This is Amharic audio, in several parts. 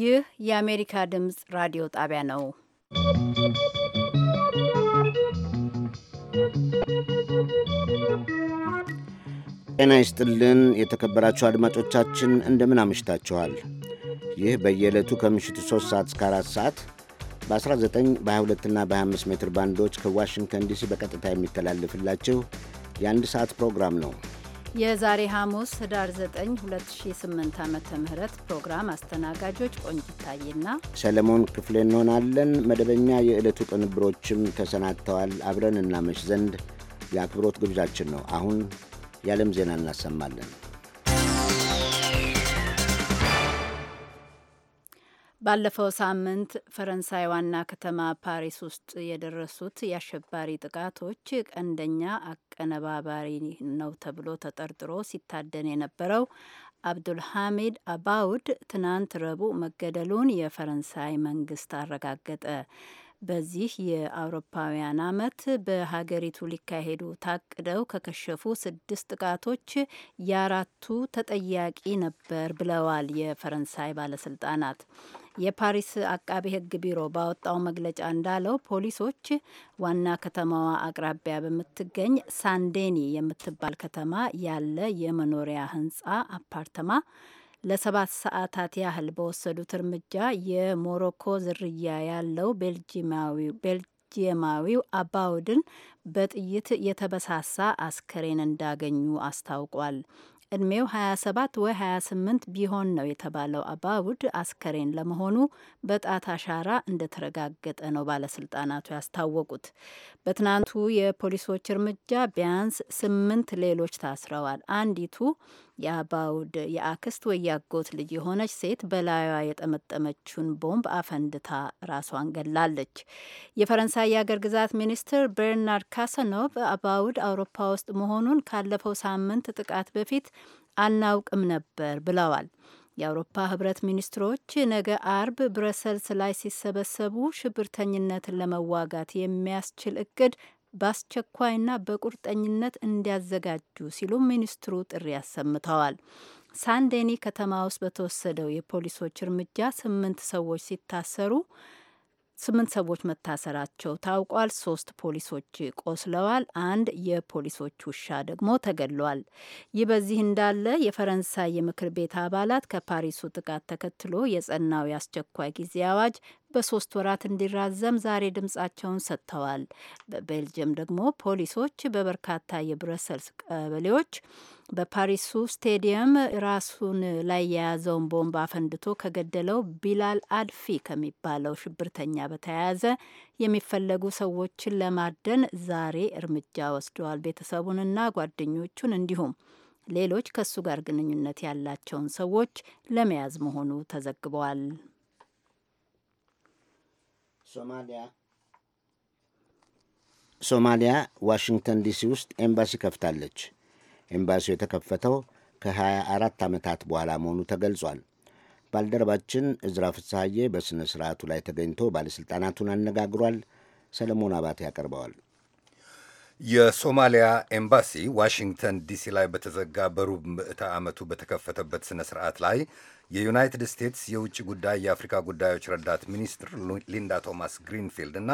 ይህ የአሜሪካ ድምፅ ራዲዮ ጣቢያ ነው። ጤና ይስጥልን የተከበራችሁ አድማጮቻችን እንደምን አምሽታችኋል። ይህ በየዕለቱ ከምሽቱ 3 ሰዓት እስከ 4 ሰዓት በ19 በ22ና በ25 ሜትር ባንዶች ከዋሽንግተን ዲሲ በቀጥታ የሚተላልፍላችሁ የአንድ ሰዓት ፕሮግራም ነው። የዛሬ ሐሙስ ህዳር 9 2008 ዓ ም ፕሮግራም አስተናጋጆች ቆንጅታይና ሰለሞን ክፍሌ እንሆናለን። መደበኛ የዕለቱ ቅንብሮችም ተሰናድተዋል። አብረን እናመሽ ዘንድ የአክብሮት ግብዣችን ነው። አሁን የዓለም ዜና እናሰማለን። ባለፈው ሳምንት ፈረንሳይ ዋና ከተማ ፓሪስ ውስጥ የደረሱት የአሸባሪ ጥቃቶች ቀንደኛ አቀነባባሪ ነው ተብሎ ተጠርጥሮ ሲታደን የነበረው አብዱልሐሚድ አባውድ ትናንት ረቡዕ መገደሉን የፈረንሳይ መንግስት አረጋገጠ። በዚህ የአውሮፓውያን አመት በሀገሪቱ ሊካሄዱ ታቅደው ከከሸፉ ስድስት ጥቃቶች የአራቱ ተጠያቂ ነበር ብለዋል የፈረንሳይ ባለስልጣናት። የፓሪስ አቃቤ ሕግ ቢሮ ባወጣው መግለጫ እንዳለው ፖሊሶች ዋና ከተማዋ አቅራቢያ በምትገኝ ሳንዴኒ የምትባል ከተማ ያለ የመኖሪያ ህንጻ አፓርተማ ለሰባት ሰዓታት ያህል በወሰዱት እርምጃ የሞሮኮ ዝርያ ያለው ቤልጂየማዊው አባውድን በጥይት የተበሳሳ አስከሬን እንዳገኙ አስታውቋል። እድሜው 27 ወይ 28 ቢሆን ነው የተባለው አባውድ አስከሬን ለመሆኑ በጣት አሻራ እንደተረጋገጠ ነው ባለስልጣናቱ ያስታወቁት። በትናንቱ የፖሊሶች እርምጃ ቢያንስ ስምንት ሌሎች ታስረዋል። አንዲቱ የአባውድ የአክስት ወይ ያጎት ልጅ የሆነች ሴት በላዩዋ የጠመጠመችውን ቦምብ አፈንድታ ራሷን ገላለች። የፈረንሳይ የአገር ግዛት ሚኒስትር ቤርናርድ ካሰኖቭ አባውድ አውሮፓ ውስጥ መሆኑን ካለፈው ሳምንት ጥቃት በፊት አናውቅም ነበር ብለዋል። የአውሮፓ ህብረት ሚኒስትሮች ነገ አርብ ብረሰልስ ላይ ሲሰበሰቡ ሽብርተኝነትን ለመዋጋት የሚያስችል እቅድ በአስቸኳይና በቁርጠኝነት እንዲያዘጋጁ ሲሉ ሚኒስትሩ ጥሪ አሰምተዋል። ሳንዴኒ ከተማ ውስጥ በተወሰደው የፖሊሶች እርምጃ ስምንት ሰዎች ሲታሰሩ ስምንት ሰዎች መታሰራቸው ታውቋል። ሶስት ፖሊሶች ቆስለዋል። አንድ የፖሊሶች ውሻ ደግሞ ተገድሏል። ይህ በዚህ እንዳለ የፈረንሳይ የምክር ቤት አባላት ከፓሪሱ ጥቃት ተከትሎ የጸናው የአስቸኳይ ጊዜ አዋጅ በሶስት ወራት እንዲራዘም ዛሬ ድምጻቸውን ሰጥተዋል። በቤልጅየም ደግሞ ፖሊሶች በበርካታ የብረሰልስ ቀበሌዎች በፓሪሱ ስቴዲየም ራሱን ላይ የያዘውን ቦምብ አፈንድቶ ከገደለው ቢላል አድፊ ከሚባለው ሽብርተኛ በተያያዘ የሚፈለጉ ሰዎችን ለማደን ዛሬ እርምጃ ወስደዋል። ቤተሰቡንና ጓደኞቹን እንዲሁም ሌሎች ከእሱ ጋር ግንኙነት ያላቸውን ሰዎች ለመያዝ መሆኑ ተዘግበዋል። ሶማሊያ ሶማሊያ ዋሽንግተን ዲሲ ውስጥ ኤምባሲ ከፍታለች። ኤምባሲው የተከፈተው ከ24 ዓመታት በኋላ መሆኑ ተገልጿል። ባልደረባችን እዝራ ፍሳሐዬ በሥነ ሥርዓቱ ላይ ተገኝቶ ባለሥልጣናቱን አነጋግሯል። ሰለሞን አባቴ ያቀርበዋል። የሶማሊያ ኤምባሲ ዋሽንግተን ዲሲ ላይ በተዘጋ በሩብ ምዕተ ዓመቱ በተከፈተበት ሥነ ሥርዓት ላይ የዩናይትድ ስቴትስ የውጭ ጉዳይ የአፍሪካ ጉዳዮች ረዳት ሚኒስትር ሊንዳ ቶማስ ግሪንፊልድ እና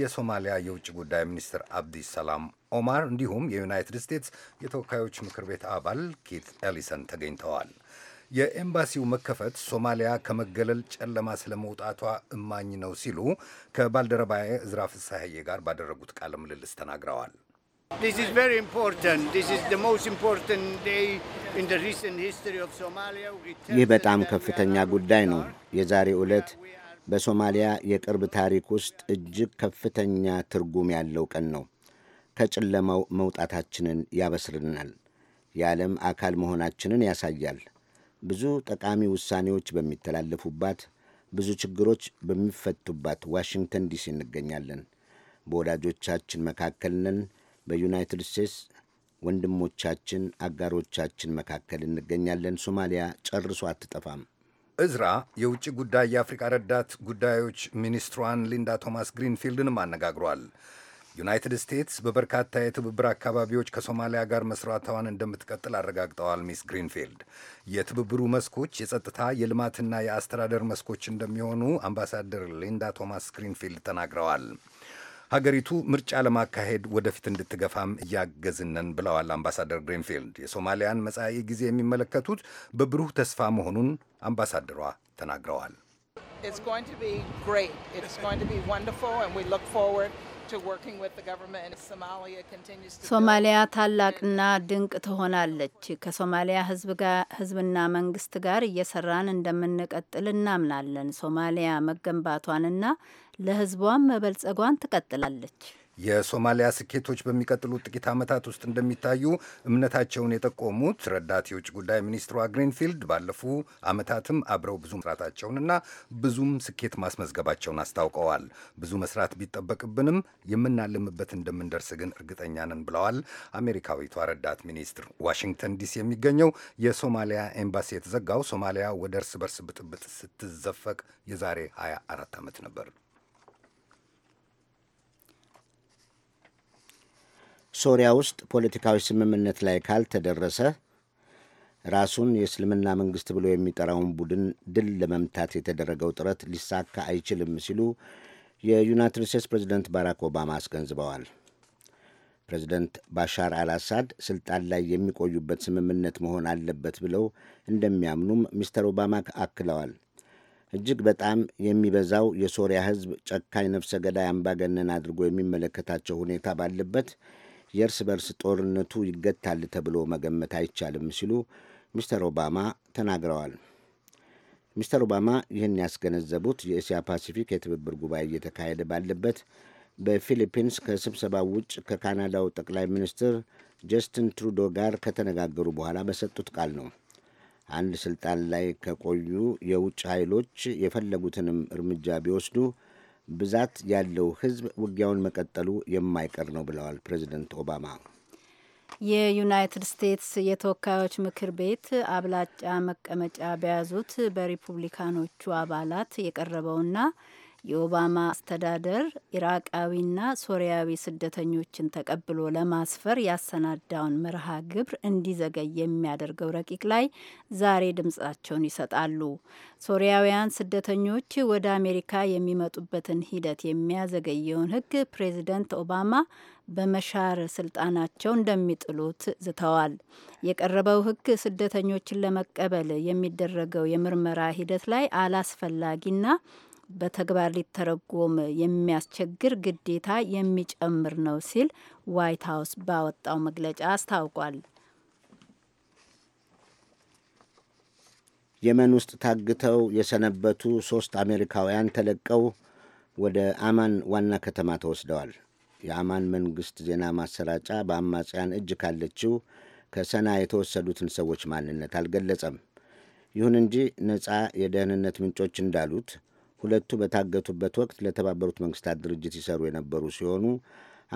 የሶማሊያ የውጭ ጉዳይ ሚኒስትር አብዲ ሰላም ኦማር እንዲሁም የዩናይትድ ስቴትስ የተወካዮች ምክር ቤት አባል ኬት ኤሊሰን ተገኝተዋል። የኤምባሲው መከፈት ሶማሊያ ከመገለል ጨለማ ስለመውጣቷ እማኝ ነው ሲሉ ከባልደረባዬ እዝራ ፍሳሐዬ ጋር ባደረጉት ቃለ ምልልስ ተናግረዋል። ይህ በጣም ከፍተኛ ጉዳይ ነው። የዛሬ ዕለት በሶማሊያ የቅርብ ታሪክ ውስጥ እጅግ ከፍተኛ ትርጉም ያለው ቀን ነው። ከጨለማው መውጣታችንን ያበስርናል። የዓለም አካል መሆናችንን ያሳያል። ብዙ ጠቃሚ ውሳኔዎች በሚተላለፉባት፣ ብዙ ችግሮች በሚፈቱባት ዋሽንግተን ዲሲ እንገኛለን። በወዳጆቻችን መካከል ነን። በዩናይትድ ስቴትስ ወንድሞቻችን፣ አጋሮቻችን መካከል እንገኛለን። ሶማሊያ ጨርሶ አትጠፋም። እዝራ የውጭ ጉዳይ የአፍሪካ ረዳት ጉዳዮች ሚኒስትሯን ሊንዳ ቶማስ ግሪንፊልድንም አነጋግሯል። ዩናይትድ ስቴትስ በበርካታ የትብብር አካባቢዎች ከሶማሊያ ጋር መስራታዋን እንደምትቀጥል አረጋግጠዋል። ሚስ ግሪንፊልድ የትብብሩ መስኮች የጸጥታ፣ የልማትና የአስተዳደር መስኮች እንደሚሆኑ አምባሳደር ሊንዳ ቶማስ ግሪንፊልድ ተናግረዋል። ሀገሪቱ ምርጫ ለማካሄድ ወደፊት እንድትገፋም እያገዝነን ብለዋል አምባሳደር ግሪንፊልድ። የሶማሊያን መጻኢ ጊዜ የሚመለከቱት በብሩህ ተስፋ መሆኑን አምባሳደሯ ተናግረዋል። ሶማሊያ ታላቅና ድንቅ ትሆናለች። ከሶማሊያ ሕዝብና መንግስት ጋር እየሰራን እንደምንቀጥል እናምናለን። ሶማሊያ መገንባቷንና ለሕዝቧን መበልጸጓን ትቀጥላለች። የሶማሊያ ስኬቶች በሚቀጥሉት ጥቂት ዓመታት ውስጥ እንደሚታዩ እምነታቸውን የጠቆሙት ረዳት የውጭ ጉዳይ ሚኒስትሯ ግሪንፊልድ ባለፉ ዓመታትም አብረው ብዙ መስራታቸውንና ብዙም ስኬት ማስመዝገባቸውን አስታውቀዋል። ብዙ መስራት ቢጠበቅብንም የምናልምበት እንደምንደርስ ግን እርግጠኛ ነን ብለዋል። አሜሪካዊቷ ረዳት ሚኒስትር ዋሽንግተን ዲሲ የሚገኘው የሶማሊያ ኤምባሲ የተዘጋው ሶማሊያ ወደ እርስ በርስ ብጥብጥ ስትዘፈቅ የዛሬ 24 ዓመት ነበር። ሶሪያ ውስጥ ፖለቲካዊ ስምምነት ላይ ካልተደረሰ ራሱን የእስልምና መንግስት ብሎ የሚጠራውን ቡድን ድል ለመምታት የተደረገው ጥረት ሊሳካ አይችልም ሲሉ የዩናይትድ ስቴትስ ፕሬዚደንት ባራክ ኦባማ አስገንዝበዋል። ፕሬዚደንት ባሻር አልአሳድ ስልጣን ላይ የሚቆዩበት ስምምነት መሆን አለበት ብለው እንደሚያምኑም ሚስተር ኦባማ አክለዋል። እጅግ በጣም የሚበዛው የሶሪያ ሕዝብ ጨካኝ ነፍሰ ገዳይ አምባገነን አድርጎ የሚመለከታቸው ሁኔታ ባለበት የእርስ በርስ ጦርነቱ ይገታል ተብሎ መገመት አይቻልም ሲሉ ሚስተር ኦባማ ተናግረዋል። ሚስተር ኦባማ ይህን ያስገነዘቡት የእስያ ፓሲፊክ የትብብር ጉባኤ እየተካሄደ ባለበት በፊሊፒንስ ከስብሰባው ውጭ ከካናዳው ጠቅላይ ሚኒስትር ጀስትን ትሩዶ ጋር ከተነጋገሩ በኋላ በሰጡት ቃል ነው። አንድ ስልጣን ላይ ከቆዩ የውጭ ኃይሎች የፈለጉትንም እርምጃ ቢወስዱ ብዛት ያለው ህዝብ ውጊያውን መቀጠሉ የማይቀር ነው ብለዋል ፕሬዚደንት ኦባማ። የዩናይትድ ስቴትስ የተወካዮች ምክር ቤት አብላጫ መቀመጫ በያዙት በሪፑብሊካኖቹ አባላት የቀረበውና የኦባማ አስተዳደር ኢራቃዊና ሶሪያዊ ስደተኞችን ተቀብሎ ለማስፈር ያሰናዳውን መርሃ ግብር እንዲዘገይ የሚያደርገው ረቂቅ ላይ ዛሬ ድምጻቸውን ይሰጣሉ። ሶሪያውያን ስደተኞች ወደ አሜሪካ የሚመጡበትን ሂደት የሚያዘገየውን ሕግ ፕሬዚደንት ኦባማ በመሻር ስልጣናቸው እንደሚጥሉት ዝተዋል። የቀረበው ሕግ ስደተኞችን ለመቀበል የሚደረገው የምርመራ ሂደት ላይ አላስፈላጊና በተግባር ሊተረጎም የሚያስቸግር ግዴታ የሚጨምር ነው ሲል ዋይት ሀውስ ባወጣው መግለጫ አስታውቋል። የመን ውስጥ ታግተው የሰነበቱ ሦስት አሜሪካውያን ተለቀው ወደ አማን ዋና ከተማ ተወስደዋል። የአማን መንግሥት ዜና ማሰራጫ በአማጽያን እጅ ካለችው ከሰና የተወሰዱትን ሰዎች ማንነት አልገለጸም። ይሁን እንጂ ነፃ የደህንነት ምንጮች እንዳሉት ሁለቱ በታገቱበት ወቅት ለተባበሩት መንግስታት ድርጅት ይሰሩ የነበሩ ሲሆኑ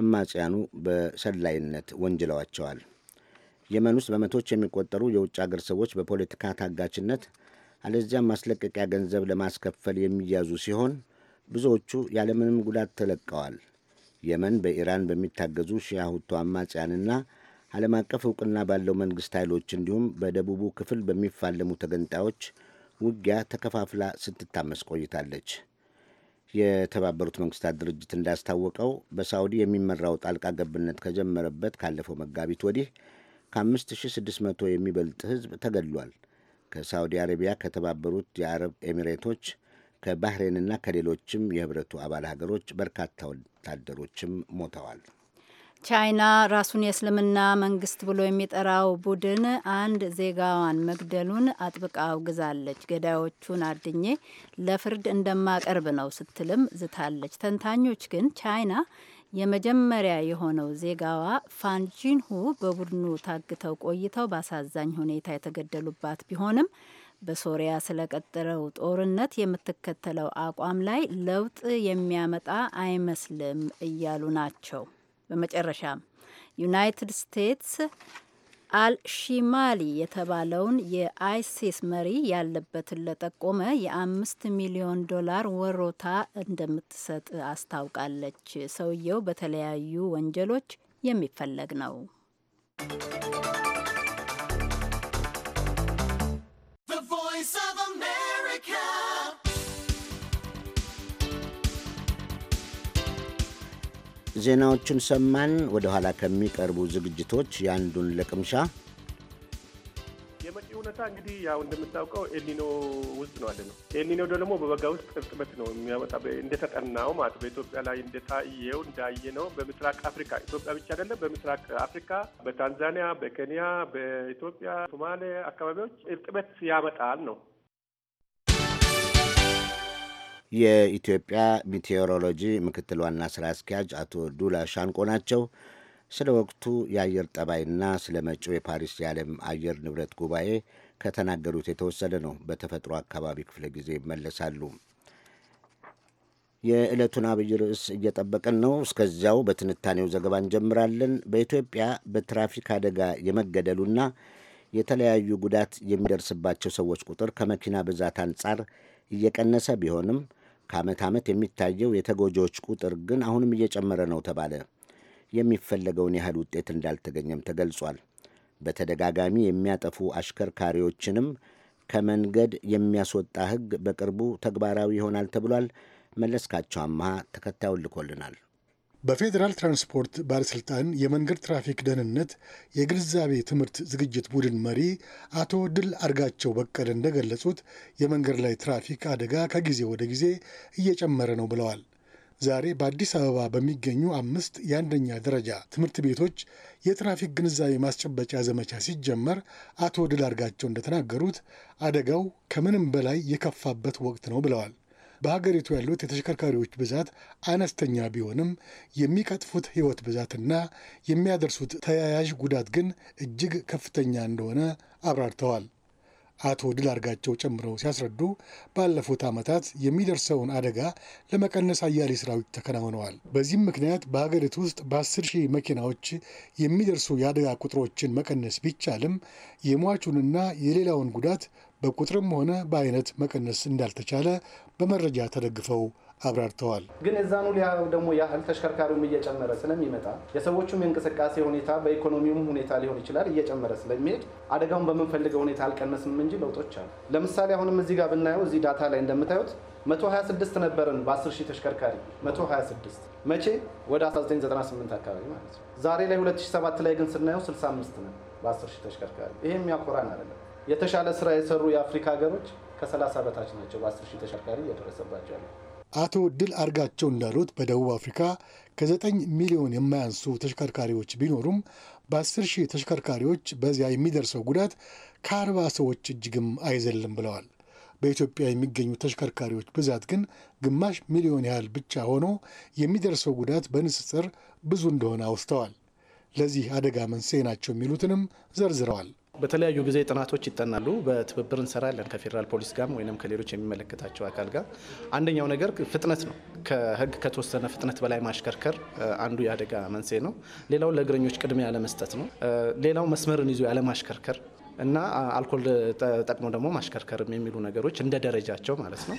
አማጽያኑ በሰላይነት ወንጅለዋቸዋል። የመን ውስጥ በመቶዎች የሚቆጠሩ የውጭ አገር ሰዎች በፖለቲካ ታጋችነት አለዚያም ማስለቀቂያ ገንዘብ ለማስከፈል የሚያዙ ሲሆን ብዙዎቹ ያለምንም ጉዳት ተለቀዋል። የመን በኢራን በሚታገዙ ሺያ ሁቱ አማጽያንና ዓለም አቀፍ እውቅና ባለው መንግሥት ኃይሎች እንዲሁም በደቡቡ ክፍል በሚፋለሙ ተገንጣዮች ውጊያ ተከፋፍላ ስትታመስ ቆይታለች። የተባበሩት መንግስታት ድርጅት እንዳስታወቀው በሳውዲ የሚመራው ጣልቃ ገብነት ከጀመረበት ካለፈው መጋቢት ወዲህ ከ5600 የሚበልጥ ህዝብ ተገድሏል። ከሳውዲ አረቢያ፣ ከተባበሩት የአረብ ኤሚሬቶች፣ ከባህሬንና ከሌሎችም የህብረቱ አባል ሀገሮች በርካታ ወታደሮችም ሞተዋል። ቻይና ራሱን የእስልምና መንግስት ብሎ የሚጠራው ቡድን አንድ ዜጋዋን መግደሉን አጥብቃ አውግዛለች። ገዳዮቹን አድኜ ለፍርድ እንደማቀርብ ነው ስትልም ዝታለች። ተንታኞች ግን ቻይና የመጀመሪያ የሆነው ዜጋዋ ፋንጂንሁ በቡድኑ ታግተው ቆይተው በአሳዛኝ ሁኔታ የተገደሉባት ቢሆንም በሶሪያ ስለቀጠለው ጦርነት የምትከተለው አቋም ላይ ለውጥ የሚያመጣ አይመስልም እያሉ ናቸው። በመጨረሻ ዩናይትድ ስቴትስ አልሺማሊ የተባለውን የአይሲስ መሪ ያለበትን ለጠቆመ የአምስት ሚሊዮን ዶላር ወሮታ እንደምትሰጥ አስታውቃለች። ሰውየው በተለያዩ ወንጀሎች የሚፈለግ ነው። ዜናዎቹን ሰማን። ወደ ኋላ ከሚቀርቡ ዝግጅቶች የአንዱን ለቅምሻ የመጪ ሁነታ እንግዲህ ያው እንደምታውቀው ኤልኒኖ ውስጥ ነው አለ ነው። ኤልኒኖ ደግሞ በበጋ ውስጥ እርጥበት ነው የሚያመጣ እንደተጠናው ማለት በኢትዮጵያ ላይ እንደታየው እንዳየ ነው። በምስራቅ አፍሪካ ኢትዮጵያ ብቻ አይደለም፣ በምስራቅ አፍሪካ በታንዛኒያ፣ በኬንያ፣ በኢትዮጵያ፣ ሶማሌ አካባቢዎች እርጥበት ያመጣል ነው የኢትዮጵያ ሚቴዎሮሎጂ ምክትል ዋና ስራ አስኪያጅ አቶ ዱላ ሻንቆ ናቸው። ስለ ወቅቱ የአየር ጠባይና ስለ መጪው የፓሪስ የዓለም አየር ንብረት ጉባኤ ከተናገሩት የተወሰደ ነው። በተፈጥሮ አካባቢ ክፍለ ጊዜ ይመለሳሉ። የዕለቱን አብይ ርዕስ እየጠበቅን ነው። እስከዚያው በትንታኔው ዘገባ እንጀምራለን። በኢትዮጵያ በትራፊክ አደጋ የመገደሉና የተለያዩ ጉዳት የሚደርስባቸው ሰዎች ቁጥር ከመኪና ብዛት አንጻር እየቀነሰ ቢሆንም ከዓመት ዓመት የሚታየው የተጎጂዎች ቁጥር ግን አሁንም እየጨመረ ነው ተባለ። የሚፈለገውን ያህል ውጤት እንዳልተገኘም ተገልጿል። በተደጋጋሚ የሚያጠፉ አሽከርካሪዎችንም ከመንገድ የሚያስወጣ ሕግ በቅርቡ ተግባራዊ ይሆናል ተብሏል። መለስካቸው አመሃ ተከታዩን ልኮልናል። በፌዴራል ትራንስፖርት ባለሥልጣን የመንገድ ትራፊክ ደህንነት የግንዛቤ ትምህርት ዝግጅት ቡድን መሪ አቶ ድል አድጋቸው በቀለ እንደገለጹት የመንገድ ላይ ትራፊክ አደጋ ከጊዜ ወደ ጊዜ እየጨመረ ነው ብለዋል። ዛሬ በአዲስ አበባ በሚገኙ አምስት የአንደኛ ደረጃ ትምህርት ቤቶች የትራፊክ ግንዛቤ ማስጨበጫ ዘመቻ ሲጀመር አቶ ድል አድጋቸው እንደተናገሩት አደጋው ከምንም በላይ የከፋበት ወቅት ነው ብለዋል። በሀገሪቱ ያሉት የተሽከርካሪዎች ብዛት አነስተኛ ቢሆንም የሚቀጥፉት ሕይወት ብዛትና የሚያደርሱት ተያያዥ ጉዳት ግን እጅግ ከፍተኛ እንደሆነ አብራርተዋል። አቶ ድል አርጋቸው ጨምረው ሲያስረዱ ባለፉት ዓመታት የሚደርሰውን አደጋ ለመቀነስ አያሌ ስራዎች ተከናውነዋል። በዚህም ምክንያት በሀገሪቱ ውስጥ በአስር ሺህ መኪናዎች የሚደርሱ የአደጋ ቁጥሮችን መቀነስ ቢቻልም የሟቹንና የሌላውን ጉዳት በቁጥርም ሆነ በአይነት መቀነስ እንዳልተቻለ በመረጃ ተደግፈው አብራርተዋል። ግን እዛኑ ደግሞ ያህል ተሽከርካሪውም እየጨመረ ስለሚመጣ የሰዎቹም የእንቅስቃሴ ሁኔታ በኢኮኖሚውም ሁኔታ ሊሆን ይችላል እየጨመረ ስለሚሄድ አደጋውን በምንፈልገው ሁኔታ አልቀነስም እንጂ ለውጦች አሉ። ለምሳሌ አሁንም እዚህ ጋር ብናየው እዚህ ዳታ ላይ እንደምታዩት 126 ነበርን በ10 ሺህ ተሽከርካሪ 126 መቼ ወደ 1998 አካባቢ ማለት ነው። ዛሬ ላይ 2007 ላይ ግን ስናየው 65 ነው በ10 ሺህ ተሽከርካሪ። ይሄም ያኮራን አይደለም። የተሻለ ስራ የሰሩ የአፍሪካ ሀገሮች ከሰላሳ በታች ናቸው በ ሺህ ተሽከርካሪ እየደረሰባቸው ያለ አቶ ድል አርጋቸው እንዳሉት በደቡብ አፍሪካ ከ9 ሚሊዮን የማያንሱ ተሽከርካሪዎች ቢኖሩም በ10 ሺህ ተሽከርካሪዎች በዚያ የሚደርሰው ጉዳት ከአርባ ሰዎች እጅግም አይዘልም ብለዋል። በኢትዮጵያ የሚገኙ ተሽከርካሪዎች ብዛት ግን ግማሽ ሚሊዮን ያህል ብቻ ሆኖ የሚደርሰው ጉዳት በንጽጽር ብዙ እንደሆነ አውስተዋል። ለዚህ አደጋ መንስኤ ናቸው የሚሉትንም ዘርዝረዋል። በተለያዩ ጊዜ ጥናቶች ይጠናሉ። በትብብር እንሰራለን ከፌዴራል ፖሊስ ጋር ወይም ከሌሎች የሚመለከታቸው አካል ጋር። አንደኛው ነገር ፍጥነት ነው። ከህግ ከተወሰነ ፍጥነት በላይ ማሽከርከር አንዱ የአደጋ መንስኤ ነው። ሌላው ለእግረኞች ቅድሚያ ያለመስጠት ነው። ሌላው መስመርን ይዞ ያለማሽከርከር እና አልኮል ጠቅሞ ደግሞ ማሽከርከርም የሚሉ ነገሮች እንደ ደረጃቸው ማለት ነው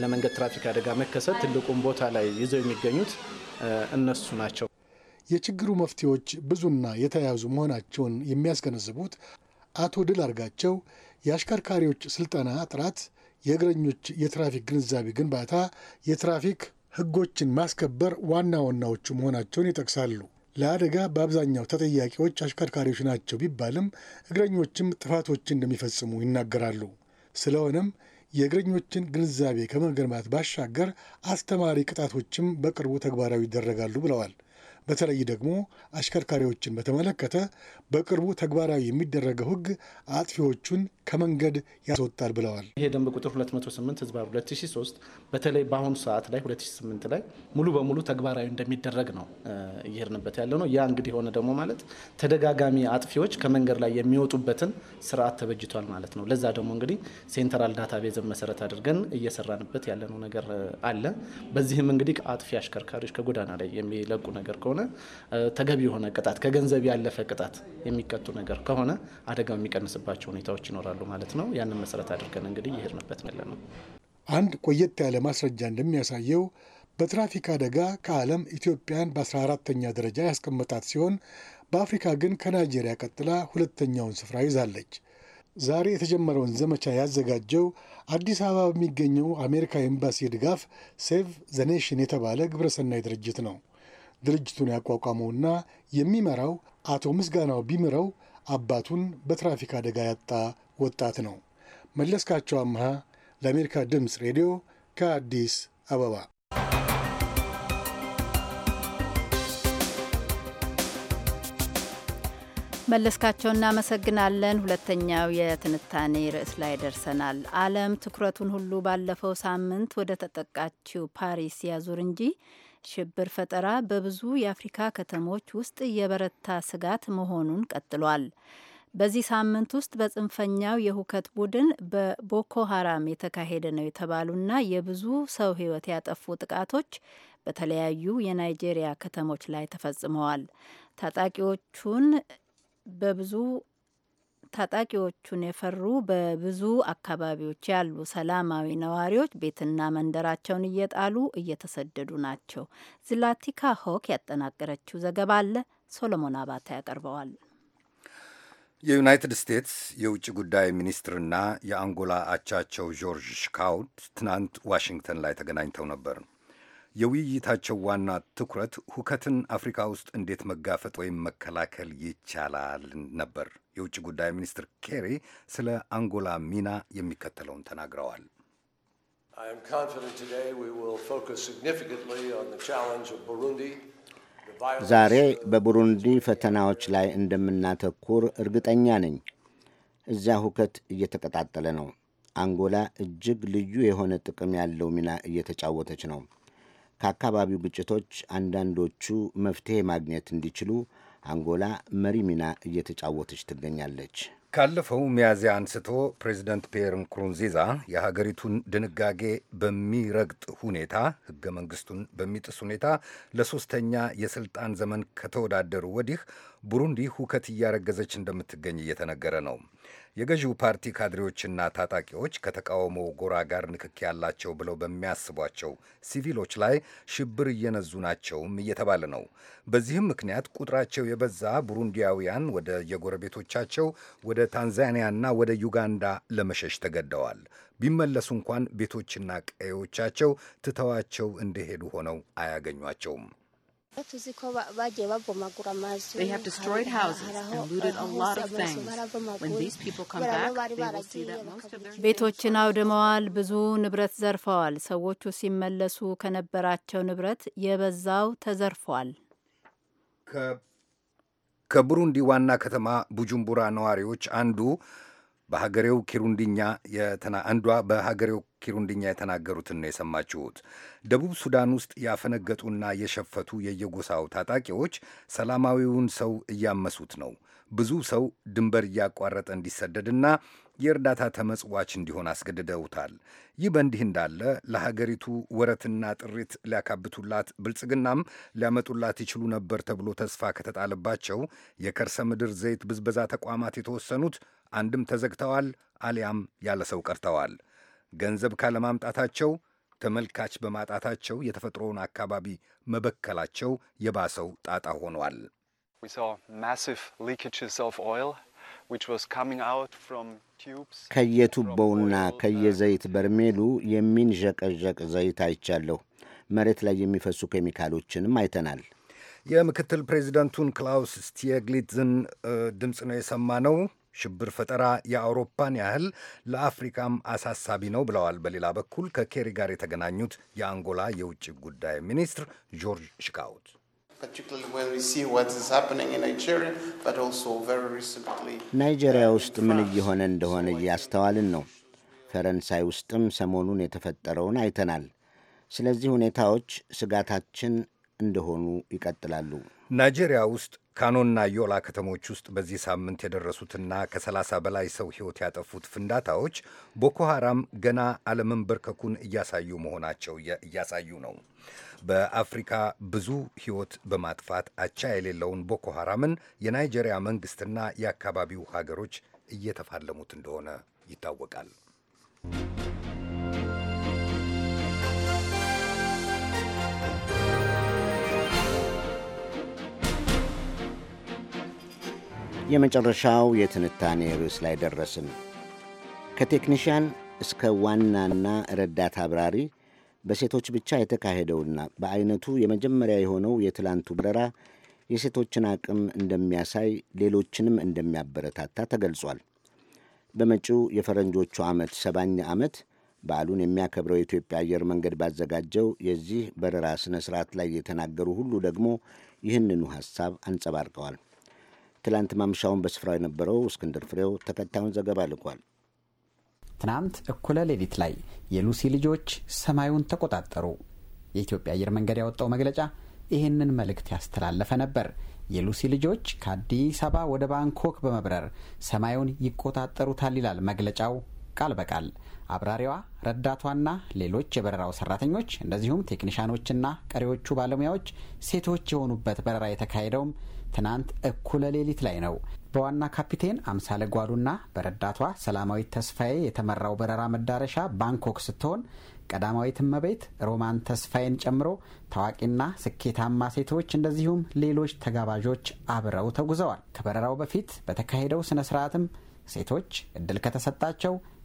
ለመንገድ ትራፊክ አደጋ መከሰት ትልቁን ቦታ ላይ ይዘው የሚገኙት እነሱ ናቸው። የችግሩ መፍትሄዎች ብዙና የተያያዙ መሆናቸውን የሚያስገነዝቡት አቶ ድል አርጋቸው የአሽከርካሪዎች ስልጠና ጥራት፣ የእግረኞች የትራፊክ ግንዛቤ ግንባታ፣ የትራፊክ ህጎችን ማስከበር ዋና ዋናዎቹ መሆናቸውን ይጠቅሳሉ። ለአደጋ በአብዛኛው ተጠያቂዎች አሽከርካሪዎች ናቸው ቢባልም እግረኞችም ጥፋቶችን እንደሚፈጽሙ ይናገራሉ። ስለሆነም የእግረኞችን ግንዛቤ ከመገንባት ባሻገር አስተማሪ ቅጣቶችም በቅርቡ ተግባራዊ ይደረጋሉ ብለዋል። በተለይ ደግሞ አሽከርካሪዎችን በተመለከተ በቅርቡ ተግባራዊ የሚደረገው ሕግ አጥፊዎቹን ከመንገድ ያስወጣል ብለዋል። ይሄ ደንብ ቁጥር 208 ህዝባ 2003 በተለይ በአሁኑ ሰዓት ላይ 2008 ላይ ሙሉ በሙሉ ተግባራዊ እንደሚደረግ ነው እየሄድንበት ያለ ነው። ያ እንግዲህ የሆነ ደግሞ ማለት ተደጋጋሚ አጥፊዎች ከመንገድ ላይ የሚወጡበትን ስርዓት ተበጅቷል ማለት ነው። ለዛ ደግሞ እንግዲህ ሴንትራል ዳታ ቤዝን መሰረት አድርገን እየሰራንበት ያለነው ነገር አለ። በዚህም እንግዲህ አጥፊ አሽከርካሪዎች ከጎዳና ላይ የሚለቁ ነገር ከሆነ ከሆነ ተገቢ የሆነ ቅጣት ከገንዘብ ያለፈ ቅጣት የሚቀጡ ነገር ከሆነ አደጋው የሚቀንስባቸው ሁኔታዎች ይኖራሉ ማለት ነው። ያንን መሰረት አድርገን እንግዲህ የሄድንበት መለ ነው። አንድ ቆየት ያለ ማስረጃ እንደሚያሳየው በትራፊክ አደጋ ከዓለም ኢትዮጵያን በ14ተኛ ደረጃ ያስቀመጣት ሲሆን በአፍሪካ ግን ከናይጄሪያ ቀጥላ ሁለተኛውን ስፍራ ይዛለች። ዛሬ የተጀመረውን ዘመቻ ያዘጋጀው አዲስ አበባ በሚገኘው አሜሪካ ኤምባሲ ድጋፍ ሴቭ ዘኔሽን ኔሽን የተባለ ግብረሰናይ ድርጅት ነው። ድርጅቱን ያቋቋመውና የሚመራው አቶ ምስጋናው ቢምረው አባቱን በትራፊክ አደጋ ያጣ ወጣት ነው። መለስካቸው አምሃ ለአሜሪካ ድምፅ ሬዲዮ ከአዲስ አበባ። መለስካቸው እናመሰግናለን። ሁለተኛው የትንታኔ ርዕስ ላይ ደርሰናል። ዓለም ትኩረቱን ሁሉ ባለፈው ሳምንት ወደ ተጠቃችው ፓሪስ ያዙር እንጂ ሽብር ፈጠራ በብዙ የአፍሪካ ከተሞች ውስጥ የበረታ ስጋት መሆኑን ቀጥሏል። በዚህ ሳምንት ውስጥ በጽንፈኛው የሁከት ቡድን በቦኮ ሀራም የተካሄደ ነው የተባሉና የብዙ ሰው ሕይወት ያጠፉ ጥቃቶች በተለያዩ የናይጄሪያ ከተሞች ላይ ተፈጽመዋል። ታጣቂዎቹን በብዙ ታጣቂዎቹን የፈሩ በብዙ አካባቢዎች ያሉ ሰላማዊ ነዋሪዎች ቤትና መንደራቸውን እየጣሉ እየተሰደዱ ናቸው። ዝላቲካ ሆክ ያጠናቀረችው ዘገባ አለ። ሶሎሞን አባተ ያቀርበዋል። የዩናይትድ ስቴትስ የውጭ ጉዳይ ሚኒስትርና የአንጎላ አቻቸው ጆርጅ ሽካውድ ትናንት ዋሽንግተን ላይ ተገናኝተው ነበር። የውይይታቸው ዋና ትኩረት ሁከትን አፍሪካ ውስጥ እንዴት መጋፈጥ ወይም መከላከል ይቻላል ነበር። የውጭ ጉዳይ ሚኒስትር ኬሪ ስለ አንጎላ ሚና የሚከተለውን ተናግረዋል። ዛሬ በቡሩንዲ ፈተናዎች ላይ እንደምናተኩር እርግጠኛ ነኝ። እዚያ ሁከት እየተቀጣጠለ ነው። አንጎላ እጅግ ልዩ የሆነ ጥቅም ያለው ሚና እየተጫወተች ነው። ከአካባቢው ግጭቶች አንዳንዶቹ መፍትሄ ማግኘት እንዲችሉ አንጎላ መሪ ሚና እየተጫወተች ትገኛለች። ካለፈው ሚያዝያ አንስቶ ፕሬዚደንት ፒየር ንኩሩንዚዛ የሀገሪቱን ድንጋጌ በሚረግጥ ሁኔታ ህገ መንግስቱን በሚጥስ ሁኔታ ለሶስተኛ የስልጣን ዘመን ከተወዳደሩ ወዲህ ቡሩንዲ ሁከት እያረገዘች እንደምትገኝ እየተነገረ ነው። የገዢው ፓርቲ ካድሬዎችና ታጣቂዎች ከተቃውሞ ጎራ ጋር ንክኪ ያላቸው ብለው በሚያስቧቸው ሲቪሎች ላይ ሽብር እየነዙ ናቸውም እየተባለ ነው። በዚህም ምክንያት ቁጥራቸው የበዛ ቡሩንዲያውያን ወደ የጎረቤቶቻቸው ወደ ታንዛኒያና ወደ ዩጋንዳ ለመሸሽ ተገደዋል። ቢመለሱ እንኳን ቤቶችና ቀዬዎቻቸው ትተዋቸው እንደሄዱ ሆነው አያገኟቸውም። They have destroyed houses and looted a lot of things. When these people come back, they will see that most of their... ቤቶችን አውድመዋል፣ ብዙ ንብረት ዘርፈዋል። ሰዎቹ ሲመለሱ ከነበራቸው ንብረት የበዛው ተዘርፏል። ከቡሩንዲ ዋና ከተማ ቡጁምቡራ ነዋሪዎች አንዱ በሀገሬው ኪሩንድኛ የተና አንዷ በሀገሬው ኪሩንድኛ የተናገሩትን ነው የሰማችሁት። ደቡብ ሱዳን ውስጥ ያፈነገጡና የሸፈቱ የየጎሳው ታጣቂዎች ሰላማዊውን ሰው እያመሱት ነው። ብዙ ሰው ድንበር እያቋረጠ እንዲሰደድና የእርዳታ ተመጽዋች እንዲሆን አስገድደውታል። ይህ በእንዲህ እንዳለ ለሀገሪቱ ወረትና ጥሪት ሊያካብቱላት ብልጽግናም ሊያመጡላት ይችሉ ነበር ተብሎ ተስፋ ከተጣለባቸው የከርሰ ምድር ዘይት ብዝበዛ ተቋማት የተወሰኑት አንድም ተዘግተዋል አሊያም ያለ ሰው ቀርተዋል። ገንዘብ ካለማምጣታቸው ተመልካች በማጣታቸው የተፈጥሮውን አካባቢ መበከላቸው የባሰው ጣጣ ሆኗል። ከየቱቦውና ከየዘይት በርሜሉ የሚንዠቀዠቅ ዘይት አይቻለሁ። መሬት ላይ የሚፈሱ ኬሚካሎችንም አይተናል። የምክትል ፕሬዚደንቱን ክላውስ ስቲየግሊትዝን ድምፅ ነው ነው። ሽብር ፈጠራ የአውሮፓን ያህል ለአፍሪካም አሳሳቢ ነው ብለዋል። በሌላ በኩል ከኬሪ ጋር የተገናኙት የአንጎላ የውጭ ጉዳይ ሚኒስትር ጆርጅ ሽካውት ናይጄሪያ ውስጥ ምን እየሆነ እንደሆነ እያስተዋልን ነው። ፈረንሳይ ውስጥም ሰሞኑን የተፈጠረውን አይተናል። ስለዚህ ሁኔታዎች ስጋታችን እንደሆኑ ይቀጥላሉ። ናይጄሪያ ውስጥ ካኖና ዮላ ከተሞች ውስጥ በዚህ ሳምንት የደረሱትና ከ30 በላይ ሰው ሕይወት ያጠፉት ፍንዳታዎች ቦኮ ሐራም ገና አለመንበርከኩን እያሳዩ መሆናቸው እያሳዩ ነው። በአፍሪካ ብዙ ሕይወት በማጥፋት አቻ የሌለውን ቦኮ ሐራምን የናይጄሪያ መንግሥትና የአካባቢው ሀገሮች እየተፋለሙት እንደሆነ ይታወቃል። የመጨረሻው የትንታኔ ርዕስ ላይ ደረስን። ከቴክኒሽያን እስከ ዋናና ረዳት አብራሪ በሴቶች ብቻ የተካሄደውና በአይነቱ የመጀመሪያ የሆነው የትላንቱ በረራ የሴቶችን አቅም እንደሚያሳይ ሌሎችንም እንደሚያበረታታ ተገልጿል። በመጪው የፈረንጆቹ ዓመት ሰባኛ ዓመት በዓሉን የሚያከብረው የኢትዮጵያ አየር መንገድ ባዘጋጀው የዚህ በረራ ሥነ ሥርዓት ላይ የተናገሩ ሁሉ ደግሞ ይህንኑ ሐሳብ አንጸባርቀዋል። ትላንት ማምሻውን በስፍራው የነበረው እስክንድር ፍሬው ተከታዩን ዘገባ ልኳል። ትናንት እኩለ ሌሊት ላይ የሉሲ ልጆች ሰማዩን ተቆጣጠሩ። የኢትዮጵያ አየር መንገድ ያወጣው መግለጫ ይህንን መልእክት ያስተላለፈ ነበር። የሉሲ ልጆች ከአዲስ አበባ ወደ ባንኮክ በመብረር ሰማዩን ይቆጣጠሩታል ይላል መግለጫው ቃል በቃል። አብራሪዋ፣ ረዳቷና ሌሎች የበረራው ሰራተኞች እንደዚሁም ቴክኒሻኖችና ቀሪዎቹ ባለሙያዎች ሴቶች የሆኑበት በረራ የተካሄደውም ትናንት እኩለ ሌሊት ላይ ነው በዋና ካፒቴን አምሳለ ጓዱና በረዳቷ ሰላማዊት ተስፋዬ የተመራው በረራ መዳረሻ ባንኮክ ስትሆን ቀዳማዊት እመቤት ሮማን ተስፋዬን ጨምሮ ታዋቂና ስኬታማ ሴቶች እንደዚሁም ሌሎች ተጋባዦች አብረው ተጉዘዋል። ከበረራው በፊት በተካሄደው ስነ ስርዓትም ሴቶች እድል ከተሰጣቸው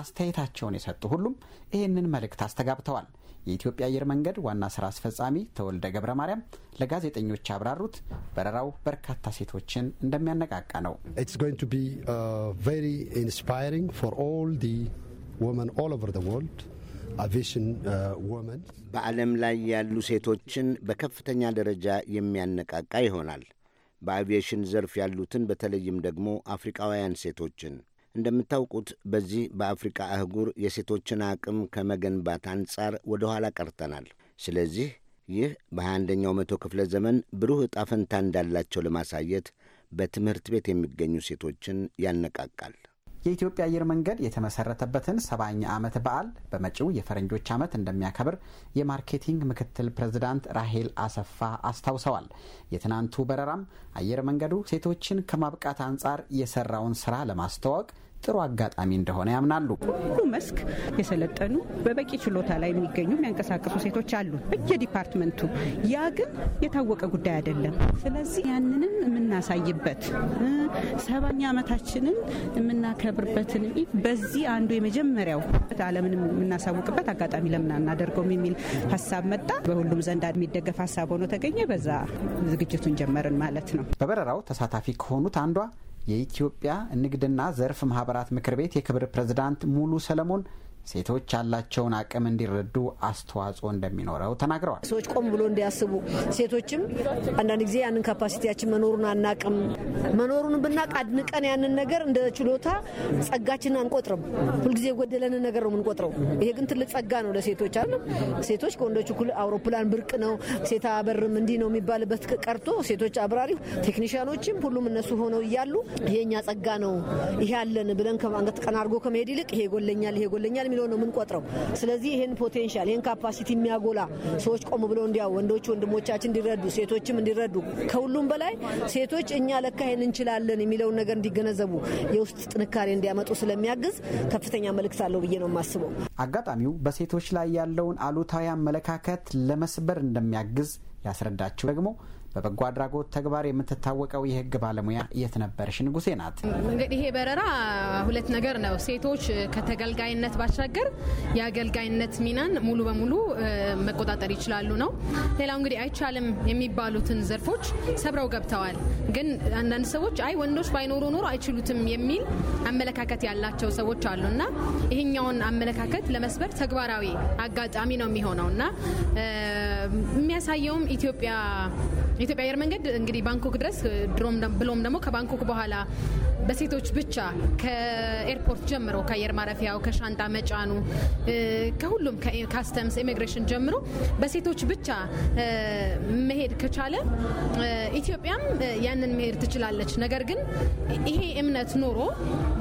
አስተያየታቸውን የሰጡ ሁሉም ይህንን መልእክት አስተጋብተዋል። የኢትዮጵያ አየር መንገድ ዋና ስራ አስፈጻሚ ተወልደ ገብረ ማርያም ለጋዜጠኞች ያብራሩት በረራው በርካታ ሴቶችን እንደሚያነቃቃ ነው። uh, uh, በዓለም ላይ ያሉ ሴቶችን በከፍተኛ ደረጃ የሚያነቃቃ ይሆናል። በአቪዬሽን ዘርፍ ያሉትን በተለይም ደግሞ አፍሪቃውያን ሴቶችን እንደምታውቁት በዚህ በአፍሪካ አህጉር የሴቶችን አቅም ከመገንባት አንጻር ወደ ኋላ ቀርተናል። ስለዚህ ይህ በ21ኛው መቶ ክፍለ ዘመን ብሩህ ዕጣ ፈንታ እንዳላቸው ለማሳየት በትምህርት ቤት የሚገኙ ሴቶችን ያነቃቃል። የኢትዮጵያ አየር መንገድ የተመሰረተበትን ሰባኛ ዓመት በዓል በመጪው የፈረንጆች ዓመት እንደሚያከብር የማርኬቲንግ ምክትል ፕሬዝዳንት ራሄል አሰፋ አስታውሰዋል። የትናንቱ በረራም አየር መንገዱ ሴቶችን ከማብቃት አንጻር የሰራውን ስራ ለማስተዋወቅ ጥሩ አጋጣሚ እንደሆነ ያምናሉ። ሁሉ መስክ የሰለጠኑ በበቂ ችሎታ ላይ የሚገኙ የሚያንቀሳቀሱ ሴቶች አሉ በየዲፓርትመንቱ። ያ ግን የታወቀ ጉዳይ አይደለም። ስለዚህ ያንንም የምናሳይበት ሰባኛ ዓመታችንን የምናከብርበትን በዚህ አንዱ የመጀመሪያው ዓለምን የምናሳውቅበት አጋጣሚ ለምን አናደርገውም የሚል ሀሳብ መጣ። በሁሉም ዘንድ የሚደገፍ ሀሳብ ሆኖ ተገኘ። በዛ ዝግጅቱን ጀመርን ማለት ነው። በበረራው ተሳታፊ ከሆኑት አንዷ የኢትዮጵያ ንግድና ዘርፍ ማህበራት ምክር ቤት የክብር ፕሬዝዳንት ሙሉ ሰለሞን ሴቶች ያላቸውን አቅም እንዲረዱ አስተዋጽኦ እንደሚኖረው ተናግረዋል። ሰዎች ቆም ብሎ እንዲያስቡ፣ ሴቶችም አንዳንድ ጊዜ ያንን ካፓሲቲያችን መኖሩን አናቅም። መኖሩን ብናቅ አድንቀን ያንን ነገር እንደ ችሎታ ጸጋችን አንቆጥርም። ሁልጊዜ የጎደለንን ነገር ነው የምንቆጥረው። ይሄ ግን ትልቅ ጸጋ ነው ለሴቶች አይደለም። ሴቶች ከወንዶች እኩል አውሮፕላን ብርቅ ነው፣ ሴት አበርም እንዲህ ነው የሚባልበት ቀርቶ ሴቶች አብራሪ ቴክኒሽያኖችም ሁሉም እነሱ ሆነው እያሉ ይሄ እኛ ጸጋ ነው ይሄ አለን ብለን አንገት ቀና አድርጎ ከመሄድ ይልቅ ይሄ ጎለኛል ይሄ ጎለኛል ብሎ ነው የምንቆጥረው። ስለዚህ ይህን ፖቴንሻል ይህን ካፓሲቲ የሚያጎላ ሰዎች ቆም ብሎ እንዲያው ወንዶች ወንድሞቻችን እንዲረዱ፣ ሴቶችም እንዲረዱ፣ ከሁሉም በላይ ሴቶች እኛ ለካ ይህን እንችላለን የሚለውን ነገር እንዲገነዘቡ የውስጥ ጥንካሬ እንዲያመጡ ስለሚያግዝ ከፍተኛ መልእክት አለው ብዬ ነው የማስበው። አጋጣሚው በሴቶች ላይ ያለውን አሉታዊ አመለካከት ለመስበር እንደሚያግዝ ያስረዳቸው ደግሞ በበጎ አድራጎት ተግባር የምትታወቀው የህግ ባለሙያ ነበርሽ ንጉሴ ናት። እንግዲህ ይሄ በረራ ሁለት ነገር ነው። ሴቶች ከተገልጋይነት ባሻገር የአገልጋይነት ሚናን ሙሉ በሙሉ መቆጣጠር ይችላሉ ነው። ሌላው እንግዲህ አይቻልም የሚባሉትን ዘርፎች ሰብረው ገብተዋል። ግን አንዳንድ ሰዎች አይ ወንዶች ባይኖሩ ኖሮ አይችሉትም የሚል አመለካከት ያላቸው ሰዎች አሉ እና ይህኛውን አመለካከት ለመስበር ተግባራዊ አጋጣሚ ነው የሚሆነው እና የሚያሳየውም ኢትዮጵያ የኢትዮጵያ አየር መንገድ እንግዲህ ባንኮክ ድረስ ብሎም ደግሞ ከባንኮክ በኋላ በሴቶች ብቻ ከኤርፖርት ጀምሮ ከአየር ማረፊያው ከሻንጣ መጫኑ ከሁሉም ካስተምስ፣ ኢሚግሬሽን ጀምሮ በሴቶች ብቻ መሄድ ከቻለ ኢትዮጵያም ያንን መሄድ ትችላለች። ነገር ግን ይሄ እምነት ኖሮ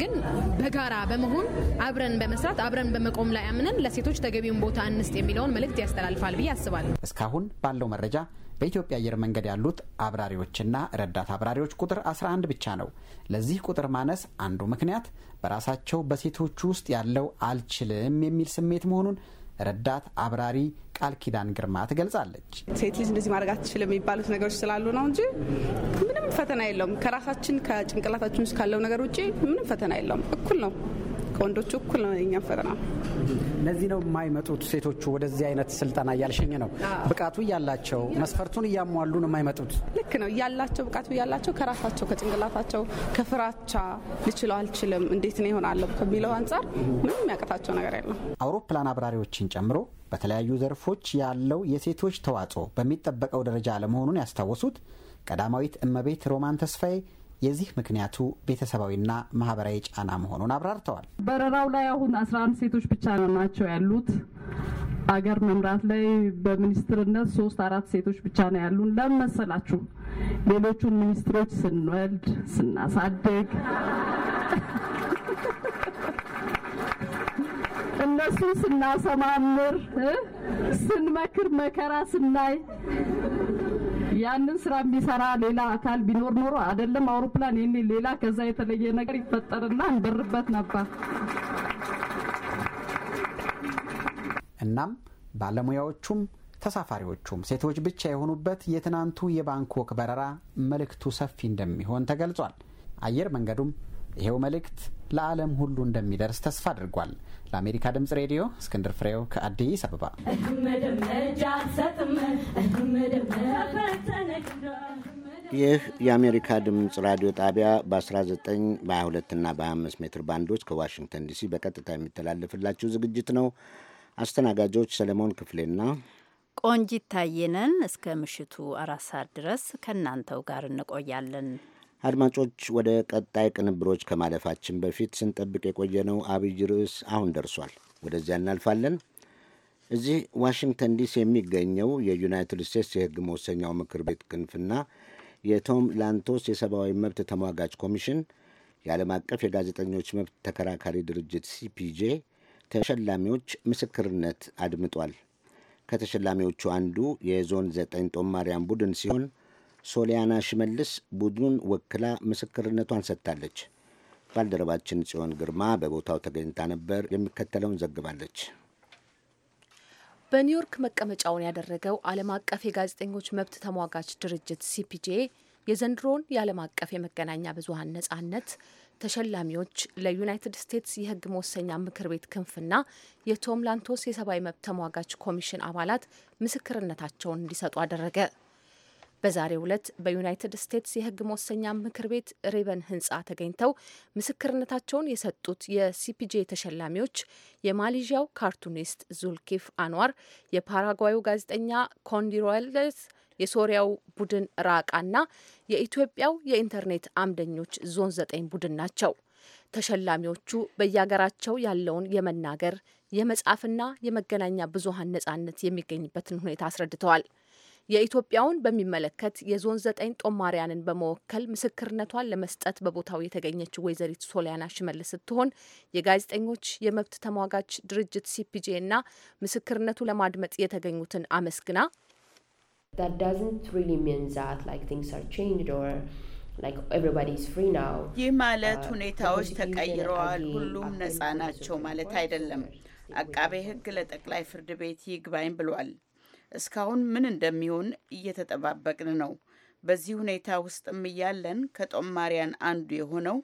ግን በጋራ በመሆን አብረን በመስራት አብረን በመቆም ላይ አምነን ለሴቶች ተገቢውን ቦታ እንስጥ የሚለውን መልእክት ያስተላልፋል ብዬ አስባለሁ። እስካሁን ባለው መረጃ በኢትዮጵያ አየር መንገድ ያሉት አብራሪዎችና ረዳት አብራሪዎች ቁጥር 11 ብቻ ነው። ለዚህ ቁጥር ማነስ አንዱ ምክንያት በራሳቸው በሴቶቹ ውስጥ ያለው አልችልም የሚል ስሜት መሆኑን ረዳት አብራሪ ቃል ኪዳን ግርማ ትገልጻለች። ሴት ልጅ እንደዚህ ማድረግ አትችልም የሚባሉት ነገሮች ስላሉ ነው እንጂ ምንም ፈተና የለውም። ከራሳችን ከጭንቅላታችን ውስጥ ካለው ነገር ውጭ ምንም ፈተና የለውም። እኩል ነው። ከወንዶቹ እኩል ነው የኛ ፈተና። እነዚህ ነው የማይመጡት ሴቶቹ ወደዚህ አይነት ስልጠና እያልሸኝ ነው። ብቃቱ እያላቸው መስፈርቱን እያሟሉ ነው የማይመጡት። ልክ ነው እያላቸው ብቃቱ እያላቸው ከራሳቸው ከጭንቅላታቸው ከፍራቻ ልችለው አልችልም እንዴት ነው ይሆናለሁ ከሚለው አንጻር ምንም የሚያቀታቸው ነገር የለም። አውሮፕላን አብራሪዎችን ጨምሮ በተለያዩ ዘርፎች ያለው የሴቶች ተዋጽኦ በሚጠበቀው ደረጃ አለመሆኑን ያስታወሱት ቀዳማዊት እመቤት ሮማን ተስፋዬ የዚህ ምክንያቱ ቤተሰባዊና ማህበራዊ ጫና መሆኑን አብራርተዋል። በረራው ላይ አሁን አስራ አንድ ሴቶች ብቻ ናቸው ያሉት። አገር መምራት ላይ በሚኒስትርነት ሶስት አራት ሴቶች ብቻ ነው ያሉን። ለምን መሰላችሁ? ሌሎቹን ሚኒስትሮች ስንወልድ ስናሳድግ እነሱን ስናሰማምር ስንመክር መከራ ስናይ ያንን ስራ የሚሰራ ሌላ አካል ቢኖር ኖሮ አይደለም አውሮፕላን ይህኔ ሌላ ከዛ የተለየ ነገር ይፈጠርና እንበርበት ነበር። እናም ባለሙያዎቹም ተሳፋሪዎቹም ሴቶች ብቻ የሆኑበት የትናንቱ የባንኮክ በረራ መልእክቱ ሰፊ እንደሚሆን ተገልጿል። አየር መንገዱም ይሄው መልእክት ለዓለም ሁሉ እንደሚደርስ ተስፋ አድርጓል። ለአሜሪካ ድምጽ ሬዲዮ እስክንድር ፍሬው ከአዲስ አበባ። ይህ የአሜሪካ ድምፅ ራዲዮ ጣቢያ በ19 በ22 እና በ25 ሜትር ባንዶች ከዋሽንግተን ዲሲ በቀጥታ የሚተላለፍላችሁ ዝግጅት ነው። አስተናጋጆች ሰለሞን ክፍሌና ቆንጂት ታየነን እስከ ምሽቱ አራት ሰዓት ድረስ ከእናንተው ጋር እንቆያለን። አድማጮች፣ ወደ ቀጣይ ቅንብሮች ከማለፋችን በፊት ስንጠብቅ የቆየነው አብይ ርዕስ አሁን ደርሷል። ወደዚያ እናልፋለን። እዚህ ዋሽንግተን ዲሲ የሚገኘው የዩናይትድ ስቴትስ የሕግ መወሰኛው ምክር ቤት ክንፍና የቶም ላንቶስ የሰብአዊ መብት ተሟጋች ኮሚሽን የዓለም አቀፍ የጋዜጠኞች መብት ተከራካሪ ድርጅት ሲፒጄ ተሸላሚዎች ምስክርነት አድምጧል። ከተሸላሚዎቹ አንዱ የዞን ዘጠኝ ጦማሪያን ቡድን ሲሆን ሶሊያና ሽመልስ ቡድኑን ወክላ ምስክርነቷን ሰጥታለች። ባልደረባችን ጽዮን ግርማ በቦታው ተገኝታ ነበር፣ የሚከተለውን ዘግባለች። በኒውዮርክ መቀመጫውን ያደረገው ዓለም አቀፍ የጋዜጠኞች መብት ተሟጋች ድርጅት ሲፒጄ የዘንድሮውን የዓለም አቀፍ የመገናኛ ብዙሀን ነጻነት ተሸላሚዎች ለዩናይትድ ስቴትስ የሕግ መወሰኛ ምክር ቤት ክንፍና የቶም ላንቶስ የሰብአዊ መብት ተሟጋች ኮሚሽን አባላት ምስክርነታቸውን እንዲሰጡ አደረገ። በዛሬው ዕለት በዩናይትድ ስቴትስ የህግ መወሰኛ ምክር ቤት ሬቨን ህንፃ ተገኝተው ምስክርነታቸውን የሰጡት የሲፒጄ ተሸላሚዎች የማሌዥያው ካርቱኒስት ዙልኪፍ አንዋር፣ የፓራጓዩ ጋዜጠኛ ኮንዲሮልስ የሶሪያው ቡድን ራቃና የኢትዮጵያው የኢንተርኔት አምደኞች ዞን ዘጠኝ ቡድን ናቸው። ተሸላሚዎቹ በየሀገራቸው ያለውን የመናገር የመጻፍና የመገናኛ ብዙሀን ነጻነት የሚገኝበትን ሁኔታ አስረድተዋል። የኢትዮጵያውን በሚመለከት የዞን ዘጠኝ ጦማሪያንን በመወከል ምስክርነቷን ለመስጠት በቦታው የተገኘች ወይዘሪት ሶሊያና ሽመልስ ስትሆን የጋዜጠኞች የመብት ተሟጋች ድርጅት ሲፒጄ እና ምስክርነቱ ለማድመጥ የተገኙትን አመስግና ይህ ማለት uh, ሁኔታዎች ተቀይረዋል፣ ሁሉም ነጻ ናቸው ማለት አይደለም። አቃቤ ሕግ ለጠቅላይ ፍርድ ቤት ይግባኝ ብሏል። እስካሁን ምን እንደሚሆን እየተጠባበቅን ነው። በዚህ ሁኔታ ውስጥም እያለን ከጦማሪያን አንዱ የሆነው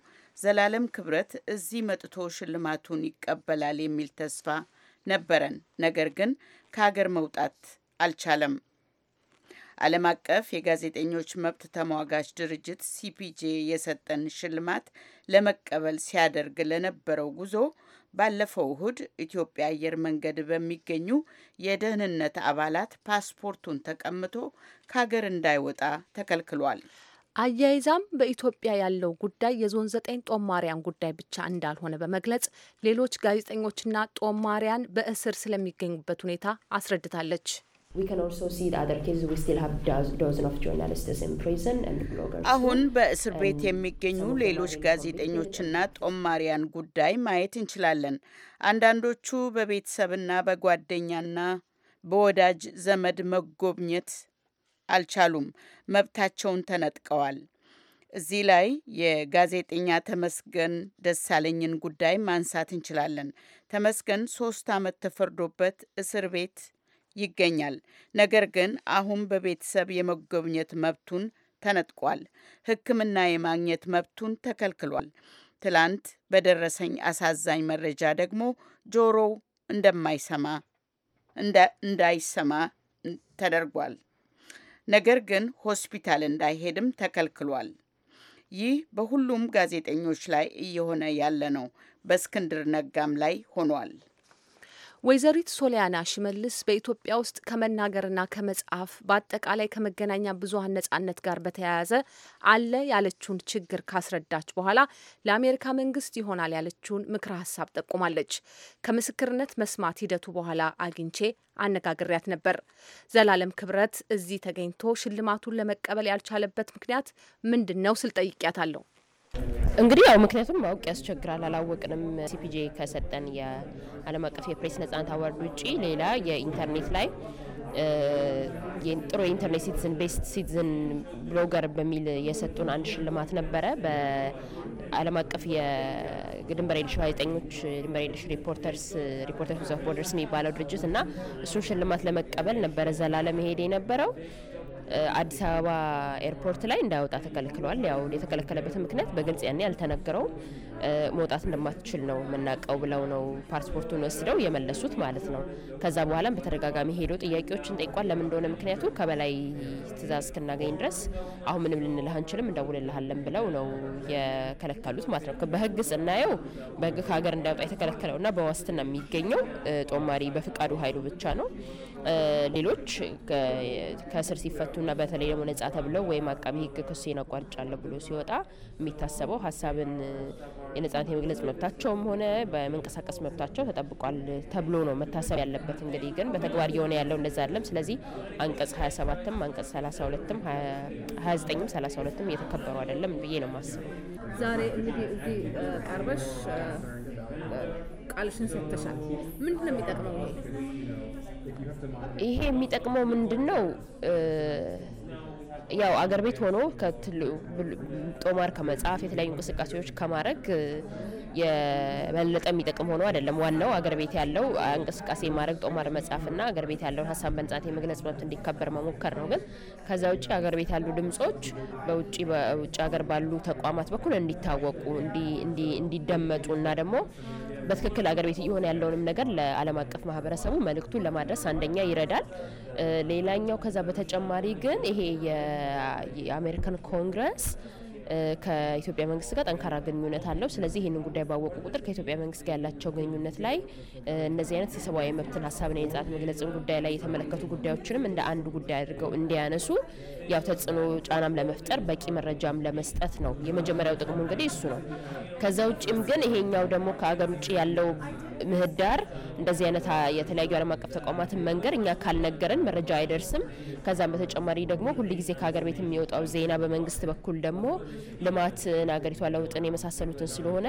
ዘላለም ክብረት እዚህ መጥቶ ሽልማቱን ይቀበላል የሚል ተስፋ ነበረን። ነገር ግን ከሀገር መውጣት አልቻለም። ዓለም አቀፍ የጋዜጠኞች መብት ተሟጋች ድርጅት ሲፒጄ የሰጠን ሽልማት ለመቀበል ሲያደርግ ለነበረው ጉዞ ባለፈው እሁድ ኢትዮጵያ አየር መንገድ በሚገኙ የደህንነት አባላት ፓስፖርቱን ተቀምቶ ከሀገር እንዳይወጣ ተከልክሏል። አያይዛም በኢትዮጵያ ያለው ጉዳይ የዞን ዘጠኝ ጦማሪያን ጉዳይ ብቻ እንዳልሆነ በመግለጽ ሌሎች ጋዜጠኞችና ጦማሪያን በእስር ስለሚገኙበት ሁኔታ አስረድታለች። አሁን በእስር ቤት የሚገኙ ሌሎች ጋዜጠኞችና ጦማሪያን ጉዳይ ማየት እንችላለን። አንዳንዶቹ በቤተሰብና በጓደኛና በወዳጅ ዘመድ መጎብኘት አልቻሉም፣ መብታቸውን ተነጥቀዋል። እዚህ ላይ የጋዜጠኛ ተመስገን ደሳለኝን ጉዳይ ማንሳት እንችላለን። ተመስገን ሶስት ዓመት ተፈርዶበት እስር ቤት ይገኛል። ነገር ግን አሁን በቤተሰብ የመጎብኘት መብቱን ተነጥቋል። ሕክምና የማግኘት መብቱን ተከልክሏል። ትላንት በደረሰኝ አሳዛኝ መረጃ ደግሞ ጆሮው እንደማይሰማ እንዳይሰማ ተደርጓል። ነገር ግን ሆስፒታል እንዳይሄድም ተከልክሏል። ይህ በሁሉም ጋዜጠኞች ላይ እየሆነ ያለ ነው። በእስክንድር ነጋም ላይ ሆኗል። ወይዘሪት ሶሊያና ሽመልስ በኢትዮጵያ ውስጥ ከመናገርና ከመጻፍ በአጠቃላይ ከመገናኛ ብዙሀን ነጻነት ጋር በተያያዘ አለ ያለችውን ችግር ካስረዳች በኋላ ለአሜሪካ መንግስት ይሆናል ያለችውን ምክረ ሀሳብ ጠቁማለች። ከምስክርነት መስማት ሂደቱ በኋላ አግኝቼ አነጋግሬያት ነበር። ዘላለም ክብረት እዚህ ተገኝቶ ሽልማቱን ለመቀበል ያልቻለበት ምክንያት ምንድን ነው ስል ጠይቂያታለሁ። እንግዲህ ያው ምክንያቱም ማወቅ ያስቸግራል። አላወቅንም። ሲፒጄ ከሰጠን የዓለም አቀፍ የፕሬስ ነጻነት አዋርድ ውጪ ሌላ የኢንተርኔት ላይ ጥሩ የኢንተርኔት ሲቲዝን ቤስት ሲቲዝን ብሎገር በሚል የሰጡን አንድ ሽልማት ነበረ። በዓለም አቀፍ የድንበር የለሽ ጋዜጠኞች ድንበር የለሽ ሪፖርተርስ ሪፖርተርስ ኦፍ ቦርደርስ የሚባለው ድርጅት እና እሱን ሽልማት ለመቀበል ነበረ ዘላለም መሄድ የነበረው አዲስ አበባ ኤርፖርት ላይ እንዳይወጣ ተከልክሏል። ያው የተከለከለበት ምክንያት በግልጽ ያኔ አልተነገረውም። መውጣት እንደማትችል ነው የምናውቀው ብለው ነው ፓስፖርቱን ወስደው የመለሱት ማለት ነው። ከዛ በኋላም በተደጋጋሚ ሄዶ ጥያቄዎችን ጠይቋል። ለምን እንደሆነ ምክንያቱ ከበላይ ትእዛዝ እስክናገኝ ድረስ አሁን ምንም ልንልህ አንችልም፣ እንደውልልሃለን ብለው ነው የከለከሉት ማለት ነው። በህግ ስናየው በህግ ከሀገር እንዳይወጣ የተከለከለውና በዋስትና የሚገኘው ጦማሪ በፍቃዱ ኃይሉ ብቻ ነው። ሌሎች ከስር ሲፈቱና በተለይ ደግሞ ነጻ ተብለው ወይም አቃቢ ህግ ክሱን አቋርጫለሁ ብሎ ሲወጣ የሚታሰበው ሀሳብን የነጻነት የመግለጽ መብታቸውም ሆነ በመንቀሳቀስ መብታቸው ተጠብቋል ተብሎ ነው መታሰብ ያለበት። እንግዲህ ግን በተግባር እየሆነ ያለው እንደዛ አይደለም። ስለዚህ አንቀጽ 27ም አንቀጽ 32ም 29ም 32ም እየተከበሩ አይደለም ብዬ ነው ማስበው። ዛሬ እንግዲህ እዚህ ቀርበሽ ቃልሽን ሰጥተሻል። ምንድን ነው የሚጠቅመው ይሄ? ይሄ የሚጠቅመው ምንድን ነው? ያው አገር ቤት ሆኖ ጦማር ከመጻፍ የተለያዩ እንቅስቃሴዎች ከማድረግ የበለጠ የሚጠቅም ሆኖ አይደለም። ዋናው አገር ቤት ያለው እንቅስቃሴ ማድረግ ጦማር መጻፍና አገር ቤት ያለውን ሀሳብ በነጻነት የመግለጽ መብት እንዲከበር መሞከር ነው። ግን ከዛ ውጭ አገር ቤት ያሉ ድምጾች በውጭ በውጭ ሀገር ባሉ ተቋማት በኩል እንዲታወቁ እንዲደመጡ እና ደግሞ በትክክል አገር ቤት እየሆነ ያለውንም ነገር ለዓለም አቀፍ ማህበረሰቡ መልእክቱን ለማድረስ አንደኛ ይረዳል። ሌላኛው ከዛ በተጨማሪ ግን ይሄ የአሜሪካን ኮንግረስ ከኢትዮጵያ መንግስት ጋር ጠንካራ ግንኙነት አለው። ስለዚህ ይህንን ጉዳይ ባወቁ ቁጥር ከኢትዮጵያ መንግስት ጋር ያላቸው ግንኙነት ላይ እነዚህ አይነት የሰብአዊ መብትን ሀሳብና የነጻነት መግለጽን ጉዳይ ላይ የተመለከቱ ጉዳዮችንም እንደ አንዱ ጉዳይ አድርገው እንዲያነሱ ያው ተጽዕኖ ጫናም ለመፍጠር በቂ መረጃም ለመስጠት ነው። የመጀመሪያው ጥቅሙ እንግዲህ እሱ ነው። ከዛ ውጭም ግን ይሄኛው ደግሞ ከሀገር ውጭ ያለው ምህዳር እንደዚህ አይነት የተለያዩ ዓለም አቀፍ ተቋማትን መንገር እኛ ካልነገርን መረጃ አይደርስም። ከዛም በተጨማሪ ደግሞ ሁልጊዜ ከሀገር ቤት የሚወጣው ዜና በመንግስት በኩል ደግሞ ልማትን፣ አገሪቷ ለውጥን የመሳሰሉትን ስለሆነ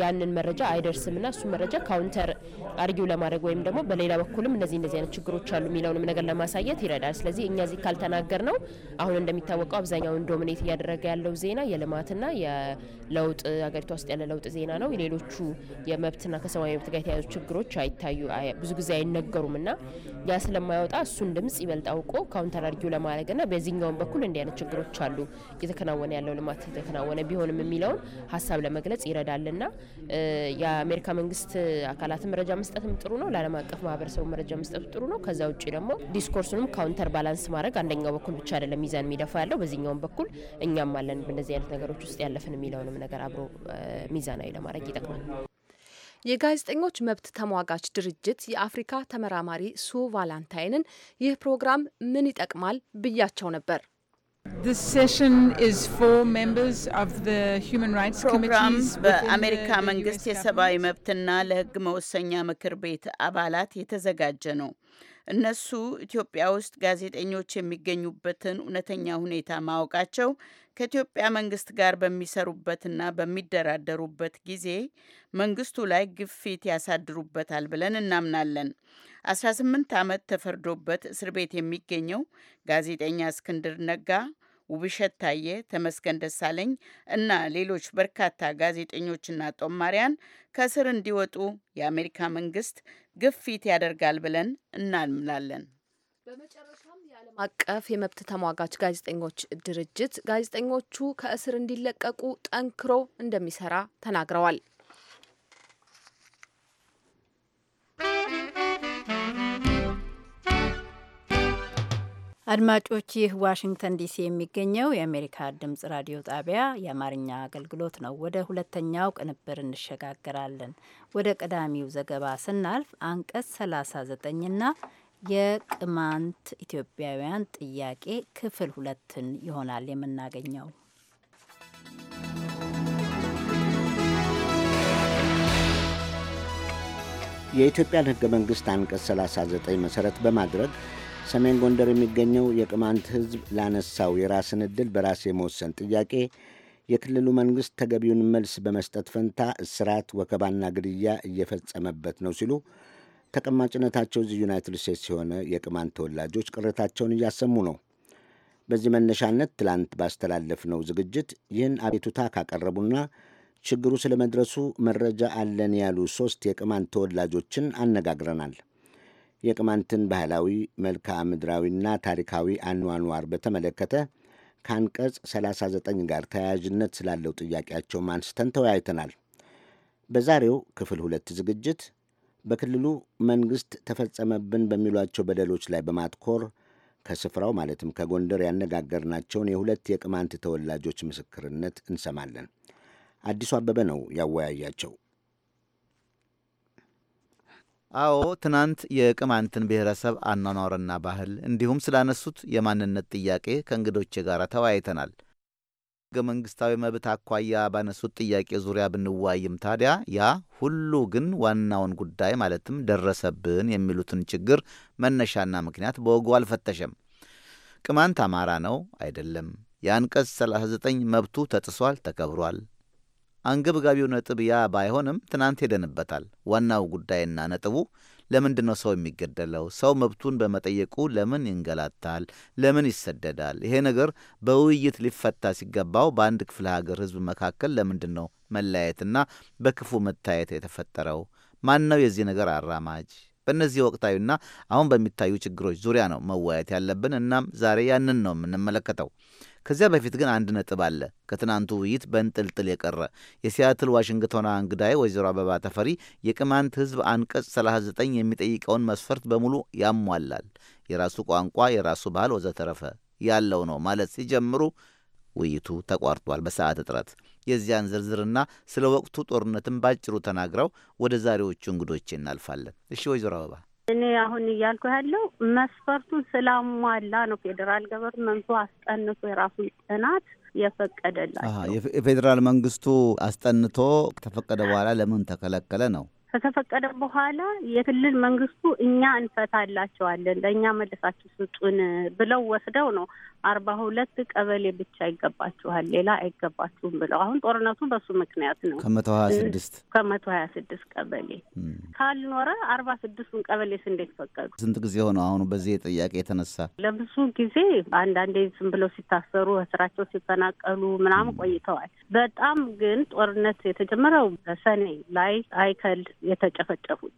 ያንን መረጃ አይደርስም እና እሱ መረጃ ካውንተር አርጊው ለማድረግ ወይም ደግሞ በሌላ በኩልም እነዚህ እንደዚህ አይነት ችግሮች አሉ የሚለውንም ነገር ለማሳየት ይረዳል። ስለዚህ እኛ እዚህ ካልተናገር ነው አሁን እንደሚታወቀው አብዛኛውን ዶሚኔት እያደረገ ያለው ዜና የልማትና የለውጥ ሀገሪቷ ውስጥ ያለ ለውጥ ዜና ነው። የሌሎቹ የመብትና ከሰብአዊ መብት ጋር የተያዙ ችግሮች አይታዩ ብዙ ጊዜ አይነገሩም እና ያ ስለማያወጣ እሱን ድምጽ ይበልጥ አውቆ ካውንተር አርጊው ለማድረግና በዚህኛውን በኩል እንዲህ አይነት ችግሮች አሉ እየተከናወነ ያለው ያለው ልማት የተከናወነ ቢሆንም የሚለውን ሀሳብ ለመግለጽ ይረዳልና የአሜሪካ መንግስት አካላት መረጃ መስጠትም ጥሩ ነው። ለዓለም አቀፍ ማህበረሰቡ መረጃ መስጠቱ ጥሩ ነው። ከዛ ውጭ ደግሞ ዲስኮርሱንም ካውንተር ባላንስ ማድረግ አንደኛው በኩል ብቻ አይደለም ሚዛን የሚደፋ ያለው በዚህኛውም በኩል እኛም አለን በእነዚህ አይነት ነገሮች ውስጥ ያለፍን የሚለውንም ነገር አብሮ ሚዛናዊ ለማድረግ ይጠቅማል። የጋዜጠኞች መብት ተሟጋች ድርጅት የአፍሪካ ተመራማሪ ሱ ቫላንታይንን ይህ ፕሮግራም ምን ይጠቅማል ብያቸው ነበር። ፕሮግራም በአሜሪካ መንግስት የሰብአዊ መብትና ለህግ መወሰኛ ምክር ቤት አባላት የተዘጋጀ ነው። እነሱ ኢትዮጵያ ውስጥ ጋዜጠኞች የሚገኙበትን እውነተኛ ሁኔታ ማወቃቸው ከኢትዮጵያ መንግስት ጋር በሚሰሩበትና በሚደራደሩበት ጊዜ መንግስቱ ላይ ግፊት ያሳድሩበታል ብለን እናምናለን። 18 ዓመት ተፈርዶበት እስር ቤት የሚገኘው ጋዜጠኛ እስክንድር ነጋ ውብሸት ታየ፣ ተመስገን ደሳለኝ እና ሌሎች በርካታ ጋዜጠኞችና ጦማሪያን ከእስር እንዲወጡ የአሜሪካ መንግስት ግፊት ያደርጋል ብለን እናምናለን። በመጨረሻም የዓለም አቀፍ የመብት ተሟጋች ጋዜጠኞች ድርጅት ጋዜጠኞቹ ከእስር እንዲለቀቁ ጠንክሮ እንደሚሰራ ተናግረዋል። አድማጮች ይህ ዋሽንግተን ዲሲ የሚገኘው የአሜሪካ ድምጽ ራዲዮ ጣቢያ የአማርኛ አገልግሎት ነው። ወደ ሁለተኛው ቅንብር እንሸጋግራለን። ወደ ቀዳሚው ዘገባ ስናልፍ አንቀጽ 39ና የቅማንት ኢትዮጵያውያን ጥያቄ ክፍል ሁለትን ይሆናል የምናገኘው። የኢትዮጵያን ህገ መንግስት አንቀጽ 39 መሰረት በማድረግ ሰሜን ጎንደር የሚገኘው የቅማንት ሕዝብ ላነሳው የራስን ዕድል በራስ የመወሰን ጥያቄ የክልሉ መንግሥት ተገቢውን መልስ በመስጠት ፈንታ እስራት፣ ወከባና ግድያ እየፈጸመበት ነው ሲሉ ተቀማጭነታቸው እዚህ ዩናይትድ ስቴትስ የሆነ የቅማንት ተወላጆች ቅሬታቸውን እያሰሙ ነው። በዚህ መነሻነት ትላንት ባስተላለፍነው ዝግጅት ይህን አቤቱታ ካቀረቡና ችግሩ ስለመድረሱ መረጃ አለን ያሉ ሦስት የቅማንት ተወላጆችን አነጋግረናል። የቅማንትን ባህላዊ መልክዓ ምድራዊና ታሪካዊ አኗኗር በተመለከተ ከአንቀጽ 39 ጋር ተያያዥነት ስላለው ጥያቄያቸው አንስተን ተወያይተናል። በዛሬው ክፍል ሁለት ዝግጅት በክልሉ መንግሥት ተፈጸመብን በሚሏቸው በደሎች ላይ በማትኮር ከስፍራው ማለትም ከጎንደር ያነጋገርናቸውን የሁለት የቅማንት ተወላጆች ምስክርነት እንሰማለን። አዲሱ አበበ ነው ያወያያቸው። አዎ ትናንት የቅማንትን ብሔረሰብ አኗኗርና ባህል እንዲሁም ስላነሱት የማንነት ጥያቄ ከእንግዶቼ ጋር ተወያይተናል። ሕገ መንግሥታዊ መብት አኳያ ባነሱት ጥያቄ ዙሪያ ብንዋይም ታዲያ ያ ሁሉ ግን ዋናውን ጉዳይ ማለትም ደረሰብን የሚሉትን ችግር መነሻና ምክንያት በወጉ አልፈተሸም። ቅማንት አማራ ነው አይደለም፣ የአንቀጽ 39 መብቱ ተጥሷል፣ ተከብሯል አንገብጋቢው ነጥብ ያ ባይሆንም ትናንት ሄደንበታል። ዋናው ጉዳይና ነጥቡ ለምንድን ነው ሰው የሚገደለው? ሰው መብቱን በመጠየቁ ለምን ይንገላታል? ለምን ይሰደዳል? ይሄ ነገር በውይይት ሊፈታ ሲገባው በአንድ ክፍለ ሀገር ሕዝብ መካከል ለምንድን ነው መለያየትና በክፉ መታየት የተፈጠረው? ማን ነው የዚህ ነገር አራማጅ? በእነዚህ ወቅታዊና አሁን በሚታዩ ችግሮች ዙሪያ ነው መወያየት ያለብን። እናም ዛሬ ያንን ነው የምንመለከተው። ከዚያ በፊት ግን አንድ ነጥብ አለ። ከትናንቱ ውይይት በእንጥልጥል የቀረ የሲያትል ዋሽንግቶና እንግዳይ ወይዘሮ አበባ ተፈሪ የቅማንት ሕዝብ አንቀጽ 39 የሚጠይቀውን መስፈርት በሙሉ ያሟላል፣ የራሱ ቋንቋ፣ የራሱ ባህል ወዘተረፈ ያለው ነው ማለት ሲጀምሩ ውይይቱ ተቋርጧል በሰዓት እጥረት። የዚያን ዝርዝርና ስለ ወቅቱ ጦርነትን ባጭሩ ተናግረው ወደ ዛሬዎቹ እንግዶቼ እናልፋለን። እሺ ወይዘሮ አበባ እኔ አሁን እያልኩ ያለው መስፈርቱን ስላሟላ ነው። ፌዴራል ገቨርንመንቱ አስጠንቶ የራሱን ጥናት የፈቀደላቸው የፌዴራል መንግስቱ አስጠንቶ ከተፈቀደ በኋላ ለምን ተከለከለ ነው። ከተፈቀደ በኋላ የክልል መንግስቱ እኛ እንፈታላቸዋለን ለእኛ መልሳችሁ ስጡን ብለው ወስደው ነው አርባ ሁለት ቀበሌ ብቻ ይገባችኋል፣ ሌላ አይገባችሁም ብለው አሁን ጦርነቱ በሱ ምክንያት ነው። ከመቶ ሀያ ስድስት ከመቶ ሀያ ስድስት ቀበሌ ካልኖረ አርባ ስድስቱን ቀበሌ ስንዴት ፈቀዱ? ስንት ጊዜ ሆነ አሁኑ በዚህ ጥያቄ የተነሳ ለብዙ ጊዜ አንዳንዴ ዝም ብለው ሲታሰሩ ስራቸው ሲፈናቀሉ ምናምን ቆይተዋል። በጣም ግን ጦርነት የተጀመረው በሰኔ ላይ አይከል የተጨፈጨፉት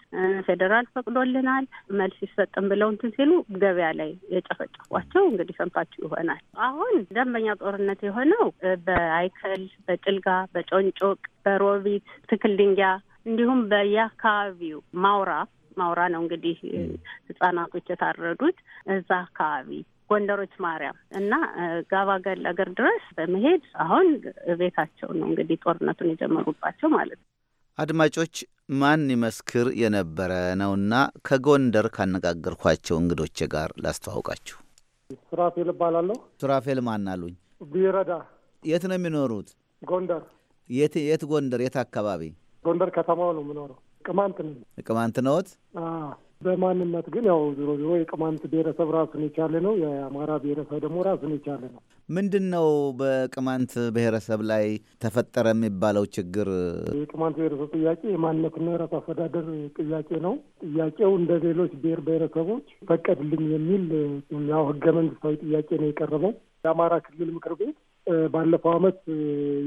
ፌዴራል ፈቅዶልናል መልስ ይሰጥም ብለው እንትን ሲሉ ገበያ ላይ የጨፈጨፏቸው እንግዲህ ሰምታችሁ ይሆናል። አሁን ደንበኛ ጦርነት የሆነው በአይከል፣ በጭልጋ፣ በጮንጮቅ፣ በሮቢት፣ ትክል ድንጊያ እንዲሁም በየአካባቢው ማውራ ማውራ ነው እንግዲህ ህጻናቶች የታረዱት እዛ አካባቢ ጎንደሮች ማርያም እና ጋባገል አገር ድረስ በመሄድ አሁን ቤታቸው ነው እንግዲህ ጦርነቱን የጀመሩባቸው ማለት ነው። አድማጮች ማን ይመስክር የነበረ ነውና ከጎንደር ካነጋገርኳቸው እንግዶቼ ጋር ላስተዋውቃችሁ። ሱራፌል እባላለሁ። ሱራፌል ማን አሉኝ? ቢረዳ። የት ነው የሚኖሩት? ጎንደር። የት የት? ጎንደር የት አካባቢ? ጎንደር ከተማው ነው የምኖረው። ቅማንት ነው። ቅማንት ነዎት? በማንነት ግን ያው ዞሮ ዞሮ የቅማንት ብሔረሰብ ራሱን የቻለ ነው። የአማራ ብሔረሰብ ደግሞ ራሱን የቻለ ነው። ምንድን ነው በቅማንት ብሔረሰብ ላይ ተፈጠረ የሚባለው ችግር? የቅማንት ብሔረሰብ ጥያቄ የማንነትና የራስ አስተዳደር ጥያቄ ነው። ጥያቄው እንደ ሌሎች ብሔር ብሔረሰቦች ፈቀድልኝ የሚል ያው ህገ መንግስታዊ ጥያቄ ነው የቀረበው። የአማራ ክልል ምክር ቤት ባለፈው አመት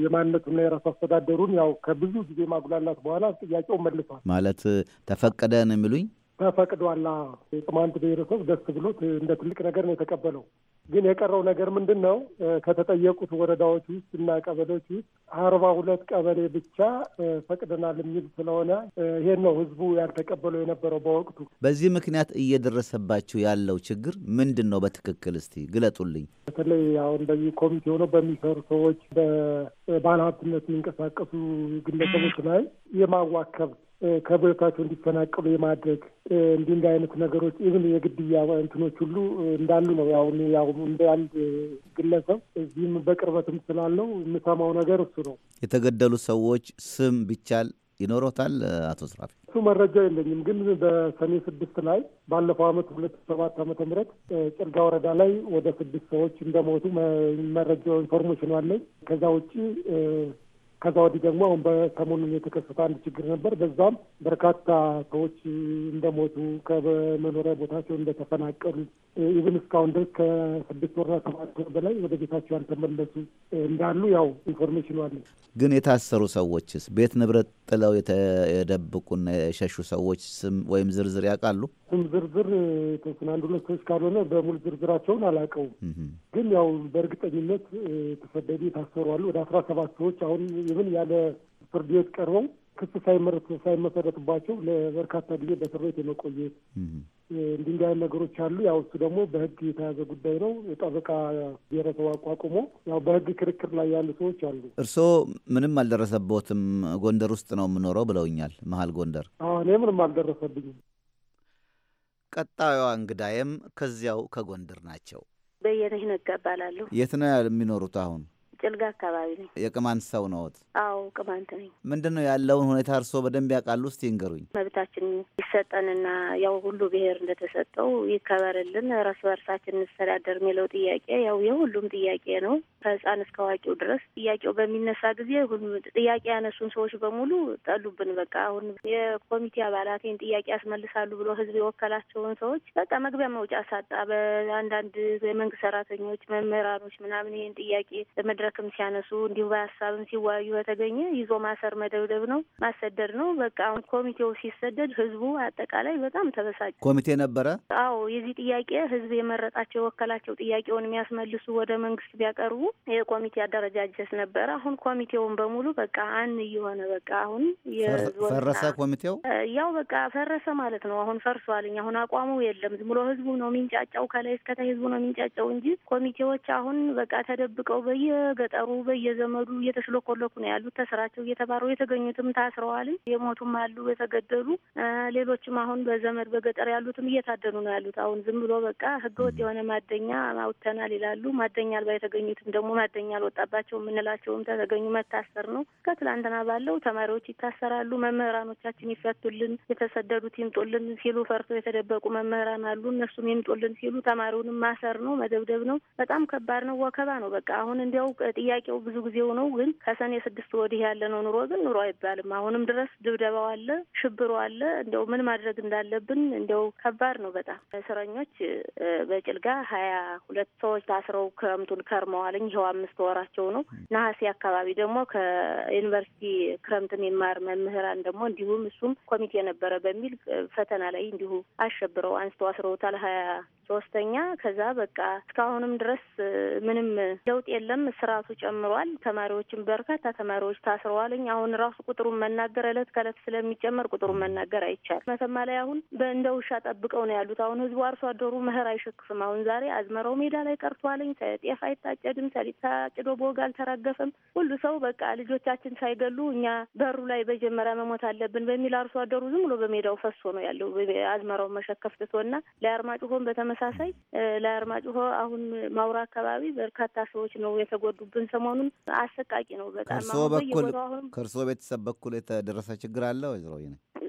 የማንነቱና የራስ አስተዳደሩን ያው ከብዙ ጊዜ ማጉላላት በኋላ ጥያቄውን መልሷል። ማለት ተፈቀደ ነው የሚሉኝ ተፈቅዷላ የቅማንት ብሔረሰብ ደስ ብሎት እንደ ትልቅ ነገር ነው የተቀበለው። ግን የቀረው ነገር ምንድን ነው? ከተጠየቁት ወረዳዎች ውስጥ እና ቀበሌዎች ውስጥ አርባ ሁለት ቀበሌ ብቻ ፈቅደናል የሚል ስለሆነ ይሄን ነው ህዝቡ ያልተቀበለው የነበረው በወቅቱ። በዚህ ምክንያት እየደረሰባችሁ ያለው ችግር ምንድን ነው? በትክክል እስቲ ግለጡልኝ። በተለይ አሁን በዚህ ኮሚቴ ሆነው በሚሰሩ ሰዎች፣ በባለሀብትነት የሚንቀሳቀሱ ግለሰቦች ላይ የማዋከብ ከቦታቸው እንዲፈናቀሉ የማድረግ እንዲህ እንደ አይነት ነገሮች ኢቭን የግድያ እንትኖች ሁሉ እንዳሉ ነው። ያው ያው እንደ አንድ ግለሰብ እዚህም በቅርበትም ስላለው የምሰማው ነገር እሱ ነው። የተገደሉ ሰዎች ስም ቢቻል ይኖሮታል አቶ ስራፊ? እሱ መረጃ የለኝም፣ ግን በሰኔ ስድስት ላይ ባለፈው አመት ሁለት ሰባት አመተ ምህረት ጭልጋ ወረዳ ላይ ወደ ስድስት ሰዎች እንደሞቱ መረጃ ኢንፎርሜሽን አለኝ። ከዛ ውጭ ከዛ ወዲህ ደግሞ አሁን በሰሞኑን የተከሰተ አንድ ችግር ነበር። በዛም በርካታ ሰዎች እንደሞቱ ከመኖሪያ ቦታቸው እንደተፈናቀሉ ኢቭን እስካሁን ድረስ ከስድስት ወርና ሰባት ወር በላይ ወደ ቤታቸው ያልተመለሱ እንዳሉ ያው ኢንፎርሜሽኑ አለ። ግን የታሰሩ ሰዎችስ ቤት ንብረት ጥለው የተደበቁና የሸሹ ሰዎች ስም ወይም ዝርዝር ያውቃሉ? ስም ዝርዝር የተወሰነ አንድ ሁለት ሰዎች ካልሆነ በሙሉ ዝርዝራቸውን አላውቀውም። ግን ያው በእርግጠኝነት ተሰደዱ የታሰሩ አሉ። ወደ አስራ ሰባት ሰዎች አሁን ይህን ያለ ፍርድ ቤት ቀርበው ክስ ሳይመሰረትባቸው ለበርካታ ጊዜ በእስር ቤት የመቆየት እንዲህ ነገሮች አሉ። ያው እሱ ደግሞ በህግ የተያዘ ጉዳይ ነው። የጠበቃ ብሔረሰብ አቋቁሞ ያው በህግ ክርክር ላይ ያሉ ሰዎች አሉ። እርስዎ ምንም አልደረሰቦትም? ጎንደር ውስጥ ነው የምኖረው ብለውኛል። መሀል ጎንደር። እኔ ምንም አልደረሰብኝም። ቀጣዩዋ እንግዳዬም ከዚያው ከጎንደር ናቸው። በየነሽ ነጋ እባላለሁ። የት ነው የሚኖሩት አሁን? ጭልጋ አካባቢ ነኝ። የቅማንት ሰው ነዎት? አዎ ቅማንት ነኝ። ምንድን ነው ያለውን ሁኔታ እርስዎ በደንብ ያውቃሉ? እስቲ ይንገሩኝ። መብታችን ይሰጠንና ያው ሁሉ ብሔር እንደተሰጠው ይከበርልን፣ እርስ በርሳችን እንስተዳደር የሚለው ጥያቄ ያው የሁሉም ጥያቄ ነው፣ ከህፃን እስከ አዋቂው ድረስ ጥያቄው በሚነሳ ጊዜ ጥያቄ ያነሱን ሰዎች በሙሉ ጠሉብን። በቃ አሁን የኮሚቴ አባላት ይህን ጥያቄ ያስመልሳሉ ብሎ ህዝብ የወከላቸውን ሰዎች በቃ መግቢያ መውጫ ሳጣ በአንዳንድ የመንግስት ሰራተኞች፣ መምህራኖች ምናምን ይህን ጥያቄ በመድረክ በአቅም ሲያነሱ እንዲሁ በሀሳብም ሲወያዩ በተገኘ ይዞ ማሰር መደብደብ ነው፣ ማሰደድ ነው። በቃ አሁን ኮሚቴው ሲሰደድ ህዝቡ አጠቃላይ በጣም ተበሳጭ። ኮሚቴ ነበረ። አዎ የዚህ ጥያቄ ህዝብ የመረጣቸው የወከላቸው ጥያቄውን የሚያስመልሱ ወደ መንግስት ቢያቀርቡ የኮሚቴ አደረጃጀት ነበረ። አሁን ኮሚቴውን በሙሉ በቃ አን እየሆነ በቃ አሁን ፈረሰ። ኮሚቴው ያው በቃ ፈረሰ ማለት ነው። አሁን ፈርሷልኝ። አሁን አቋሙ የለም። ዝም ብሎ ህዝቡ ነው የሚንጫጫው። ከላይ እስከታ ህዝቡ ነው የሚንጫጫው እንጂ ኮሚቴዎች አሁን በቃ ተደብቀው በየ በገጠሩ በየዘመዱ እየተሽለኮለኩ ነው ያሉት ተስራቸው እየተባሩ የተገኙትም ታስረዋል፣ የሞቱም አሉ፣ የተገደሉ ሌሎችም አሁን በዘመድ በገጠር ያሉትም እየታደኑ ነው ያሉት። አሁን ዝም ብሎ በቃ ህገወጥ የሆነ ማደኛ አውጥተናል ይላሉ። ማደኛ አልባ የተገኙትም ደግሞ ማደኛ አልወጣባቸው የምንላቸውም ተተገኙ መታሰር ነው። ከትላንትና ባለው ተማሪዎች ይታሰራሉ፣ መምህራኖቻችን ይፈቱልን፣ የተሰደዱት ይምጡልን ሲሉ ፈርቶ የተደበቁ መምህራን አሉ። እነሱም ይምጡልን ሲሉ ተማሪውንም ማሰር ነው፣ መደብደብ ነው። በጣም ከባድ ነው፣ ወከባ ነው። በቃ አሁን እንዲያው ጥያቄው ብዙ ጊዜው ነው። ግን ከሰኔ ስድስት ወዲህ ያለ ነው ኑሮ ግን ኑሮ አይባልም። አሁንም ድረስ ድብደባው አለ፣ ሽብሮ አለ። እንዲያው ምን ማድረግ እንዳለብን እንዲያው ከባድ ነው በጣም እስረኞች በጭልጋ ሀያ ሁለት ሰዎች ታስረው ክረምቱን ከርመዋልኝ። ይኸው አምስት ወራቸው ነው። ነሐሴ አካባቢ ደግሞ ከዩኒቨርሲቲ ክረምትን የሚማር መምህራን ደግሞ እንዲሁም እሱም ኮሚቴ ነበረ በሚል ፈተና ላይ እንዲሁ አሸብረው አንስተው አስረውታል ሀያ ሶስተኛ ከዛ በቃ እስካሁንም ድረስ ምንም ለውጥ የለም። ስርዓቱ ጨምሯል። ተማሪዎችን በርካታ ተማሪዎች ታስረዋልኝ። አሁን ራሱ ቁጥሩን መናገር እለት ከእለት ስለሚጨመር ቁጥሩን መናገር አይቻልም። መተማ ላይ አሁን እንደ ውሻ ጠብቀው ነው ያሉት። አሁን ህዝቡ አርሶ አደሩ መኸር አይሸክፍም። አሁን ዛሬ አዝመራው ሜዳ ላይ ቀርቷልኝ። ጤፍ አይታጨድም። ሰሊጥ ታጭዶ በወግ አልተራገፈም። ሁሉ ሰው በቃ ልጆቻችን ሳይገሉ እኛ በሩ ላይ በጀመሪያ መሞት አለብን በሚል አርሶ አደሩ ዝም ብሎ በሜዳው ፈሶ ነው ያለው አዝመራውን መሸከፍ ትቶና ለአርማጭሆን በተመ በተመሳሳይ ለአርማጭሆ አሁን ማውራ አካባቢ በርካታ ሰዎች ነው የተጎዱብን። ሰሞኑን አሰቃቂ ነው በጣም ከእርስዎ ቤተሰብ በኩል የተደረሰ ችግር አለ ወይዘሮ?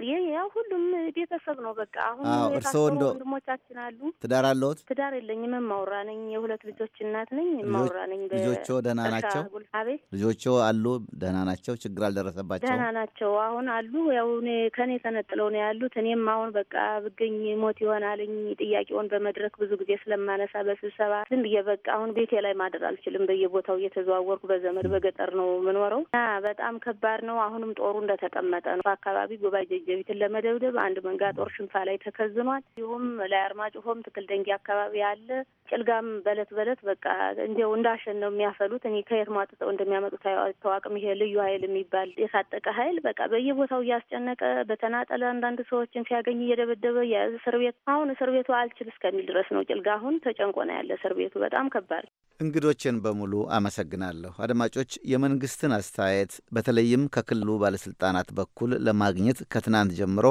ይህ ያው ሁሉም ቤተሰብ ነው በቃ። አሁን እርስዎ እንደ ወንድሞቻችን አሉ። ትዳር አለዎት? ትዳር የለኝም። ማውራ ነኝ። የሁለት ልጆች እናት ነኝ። ማውራ ነኝ። ልጆቹ ደህና ናቸው? አቤት ልጆቹ አሉ ደህና ናቸው? ችግር አልደረሰባቸው? ደህና ናቸው። አሁን አሉ ያው ከኔ ተነጥለው ነው ያሉት። እኔም አሁን በቃ ብገኝ ሞት ይሆናልኝ ጥያቄውን በመ መድረክ ብዙ ጊዜ ስለማነሳ በስብሰባ ዝም ብዬ በቃ አሁን ቤቴ ላይ ማደር አልችልም። በየቦታው እየተዘዋወርኩ በዘመድ በገጠር ነው የምኖረው እና በጣም ከባድ ነው። አሁንም ጦሩ እንደተቀመጠ ነው። በአካባቢ ጉባኤ ጀጀቢትን ለመደብደብ አንድ መንጋ ጦር ሽንፋ ላይ ተከዝኗል። እንዲሁም ላይ አርማጭ ሆም ትክል ደንጌ አካባቢ አለ። ጭልጋም በለት በለት በቃ እንዲያው እንዳሸን ነው የሚያፈሉት። እኔ ከየት ማጥጠው እንደሚያመጡት አይታወቅም። ይሄ ልዩ ኃይል የሚባል የታጠቀ ኃይል በቃ በየቦታው እያስጨነቀ በተናጠለ አንዳንድ ሰዎችን ሲያገኝ እየደበደበ የእስር ቤት አሁን እስር ቤቱ አልችል እስከሚል ድረስ ነው። ጭልጋ አሁን ተጨንቆ ነው ያለ እስር ቤቱ በጣም ከባድ። እንግዶችን በሙሉ አመሰግናለሁ። አድማጮች፣ የመንግስትን አስተያየት በተለይም ከክልሉ ባለስልጣናት በኩል ለማግኘት ከትናንት ጀምሮ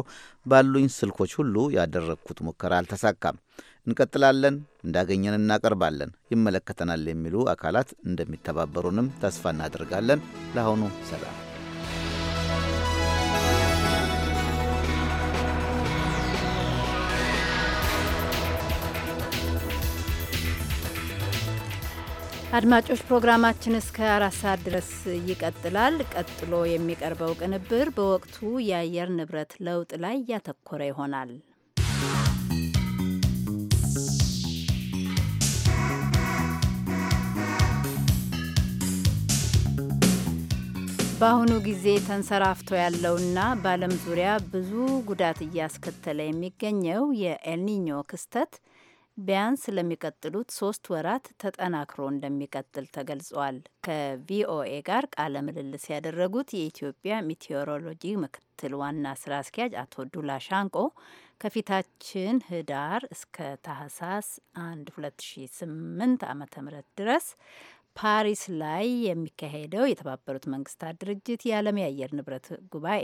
ባሉኝ ስልኮች ሁሉ ያደረግኩት ሙከራ አልተሳካም። እንቀጥላለን፣ እንዳገኘን እናቀርባለን። ይመለከተናል የሚሉ አካላት እንደሚተባበሩንም ተስፋ እናደርጋለን። ለአሁኑ ሰላም። አድማጮች ፕሮግራማችን እስከ አራት ሰዓት ድረስ ይቀጥላል። ቀጥሎ የሚቀርበው ቅንብር በወቅቱ የአየር ንብረት ለውጥ ላይ ያተኮረ ይሆናል። በአሁኑ ጊዜ ተንሰራፍቶ ያለውና በዓለም ዙሪያ ብዙ ጉዳት እያስከተለ የሚገኘው የኤልኒኞ ክስተት ቢያንስ ለሚቀጥሉት ሶስት ወራት ተጠናክሮ እንደሚቀጥል ተገልጿል። ከቪኦኤ ጋር ቃለ ምልልስ ያደረጉት የኢትዮጵያ ሚቴዎሮሎጂ ምክትል ዋና ስራ አስኪያጅ አቶ ዱላ ሻንቆ ከፊታችን ህዳር እስከ ታህሳስ 1 2008 ዓ ም ድረስ ፓሪስ ላይ የሚካሄደው የተባበሩት መንግስታት ድርጅት የዓለም የአየር ንብረት ጉባኤ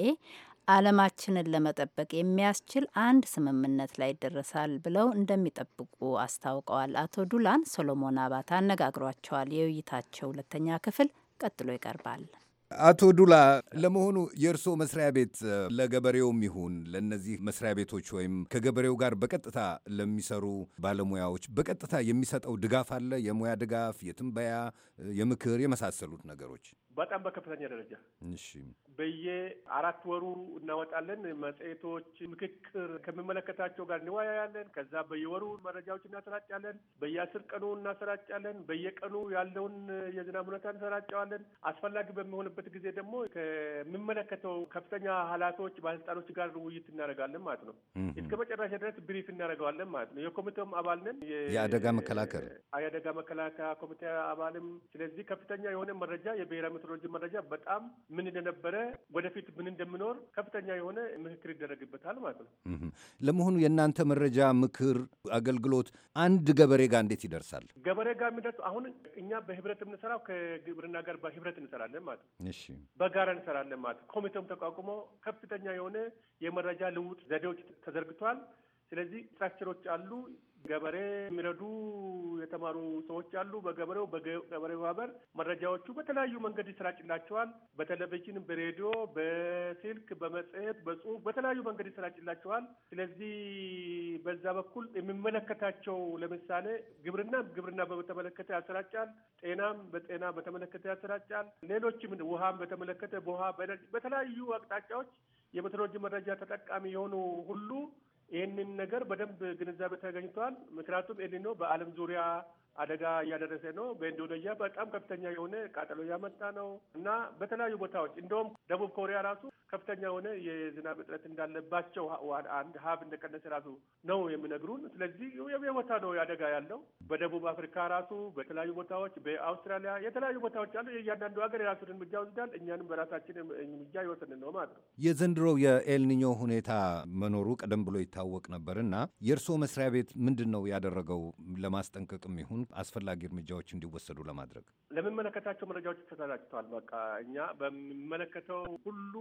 ዓለማችንን ለመጠበቅ የሚያስችል አንድ ስምምነት ላይ ይደረሳል ብለው እንደሚጠብቁ አስታውቀዋል። አቶ ዱላን ሶሎሞን አባተ አነጋግሯቸዋል። የውይይታቸው ሁለተኛ ክፍል ቀጥሎ ይቀርባል። አቶ ዱላ፣ ለመሆኑ የእርስዎ መስሪያ ቤት ለገበሬውም ይሁን ለእነዚህ መስሪያ ቤቶች ወይም ከገበሬው ጋር በቀጥታ ለሚሰሩ ባለሙያዎች በቀጥታ የሚሰጠው ድጋፍ አለ? የሙያ ድጋፍ፣ የትንበያ፣ የምክር የመሳሰሉት ነገሮች በጣም በከፍተኛ ደረጃ እሺ፣ በየ አራት ወሩ እናወጣለን መጽሔቶች፣ ምክክር ከምመለከታቸው ጋር እንወያያለን። ከዛ በየወሩ መረጃዎች እናሰራጫለን። በየአስር ቀኑ እናሰራጫለን። በየቀኑ ያለውን የዝናብ ሁኔታ እንሰራጨዋለን። አስፈላጊ በሚሆንበት ጊዜ ደግሞ ከምመለከተው ከፍተኛ ኃላፊዎች፣ ባለስልጣኖች ጋር ውይይት እናደርጋለን ማለት ነው። እስከ መጨረሻ ድረስ ብሪፍ እናደርገዋለን ማለት ነው። የኮሚቴውም አባል ነን። የአደጋ መከላከል የአደጋ መከላከያ ኮሚቴ አባልም። ስለዚህ ከፍተኛ የሆነ መረጃ የብሔራዊ የሜትሮሎጂ መረጃ በጣም ምን እንደነበረ ወደፊት ምን እንደምኖር ከፍተኛ የሆነ ምክክር ይደረግበታል ማለት ነው። ለመሆኑ የእናንተ መረጃ ምክር አገልግሎት አንድ ገበሬ ጋር እንዴት ይደርሳል? ገበሬ ጋር የሚደርሱ አሁን እኛ በህብረት የምንሰራው ከግብርና ጋር በህብረት እንሰራለን ማለት ነው። በጋራ እንሰራለን ማለት ኮሚቴውም ተቋቁሞ ከፍተኛ የሆነ የመረጃ ልውጥ ዘዴዎች ተዘርግቷል። ስለዚህ ስትራክቸሮች አሉ። ገበሬ የሚረዱ የተማሩ ሰዎች አሉ። በገበሬው በገበሬ ማህበር መረጃዎቹ በተለያዩ መንገድ ይሰራጭላቸዋል። በቴሌቪዥን፣ በሬዲዮ፣ በስልክ፣ በመጽሔት፣ በጽሁፍ በተለያዩ መንገድ ይሰራጭላቸዋል። ስለዚህ በዛ በኩል የሚመለከታቸው ለምሳሌ ግብርና ግብርና በተመለከተ ያሰራጫል። ጤናም በጤና በተመለከተ ያሰራጫል። ሌሎችም ውሃም በተመለከተ በውሃ በተለያዩ አቅጣጫዎች የሜትሮሎጂ መረጃ ተጠቃሚ የሆኑ ሁሉ ይህንን ነገር በደንብ ግንዛቤ ተገኝቷል። ምክንያቱም ኤልኒኖ በዓለም ዙሪያ አደጋ እያደረሰ ነው። በኢንዶኔዥያ በጣም ከፍተኛ የሆነ ቃጠሎ እያመጣ ነው እና በተለያዩ ቦታዎች እንደውም ደቡብ ኮሪያ ራሱ ከፍተኛ የሆነ የዝናብ እጥረት እንዳለባቸው አንድ ሀብ እንደቀነሰ ራሱ ነው የሚነግሩን። ስለዚህ የቦታ ነው አደጋ ያለው በደቡብ አፍሪካ ራሱ በተለያዩ ቦታዎች፣ በአውስትራሊያ የተለያዩ ቦታዎች አሉ። እያንዳንዱ ሀገር የራሱን እርምጃ ወስዳል። እኛንም በራሳችን እርምጃ ይወስን ነው ማለት ነው። የዘንድሮው የኤልኒኞ ሁኔታ መኖሩ ቀደም ብሎ ይታወቅ ነበር እና የእርስዎ መስሪያ ቤት ምንድን ነው ያደረገው ለማስጠንቀቅ የሚሆን አስፈላጊ እርምጃዎች እንዲወሰዱ ለማድረግ ለሚመለከታቸው መረጃዎች ተሰራጭተዋል። በቃ እኛ በሚመለከተው ሁሉ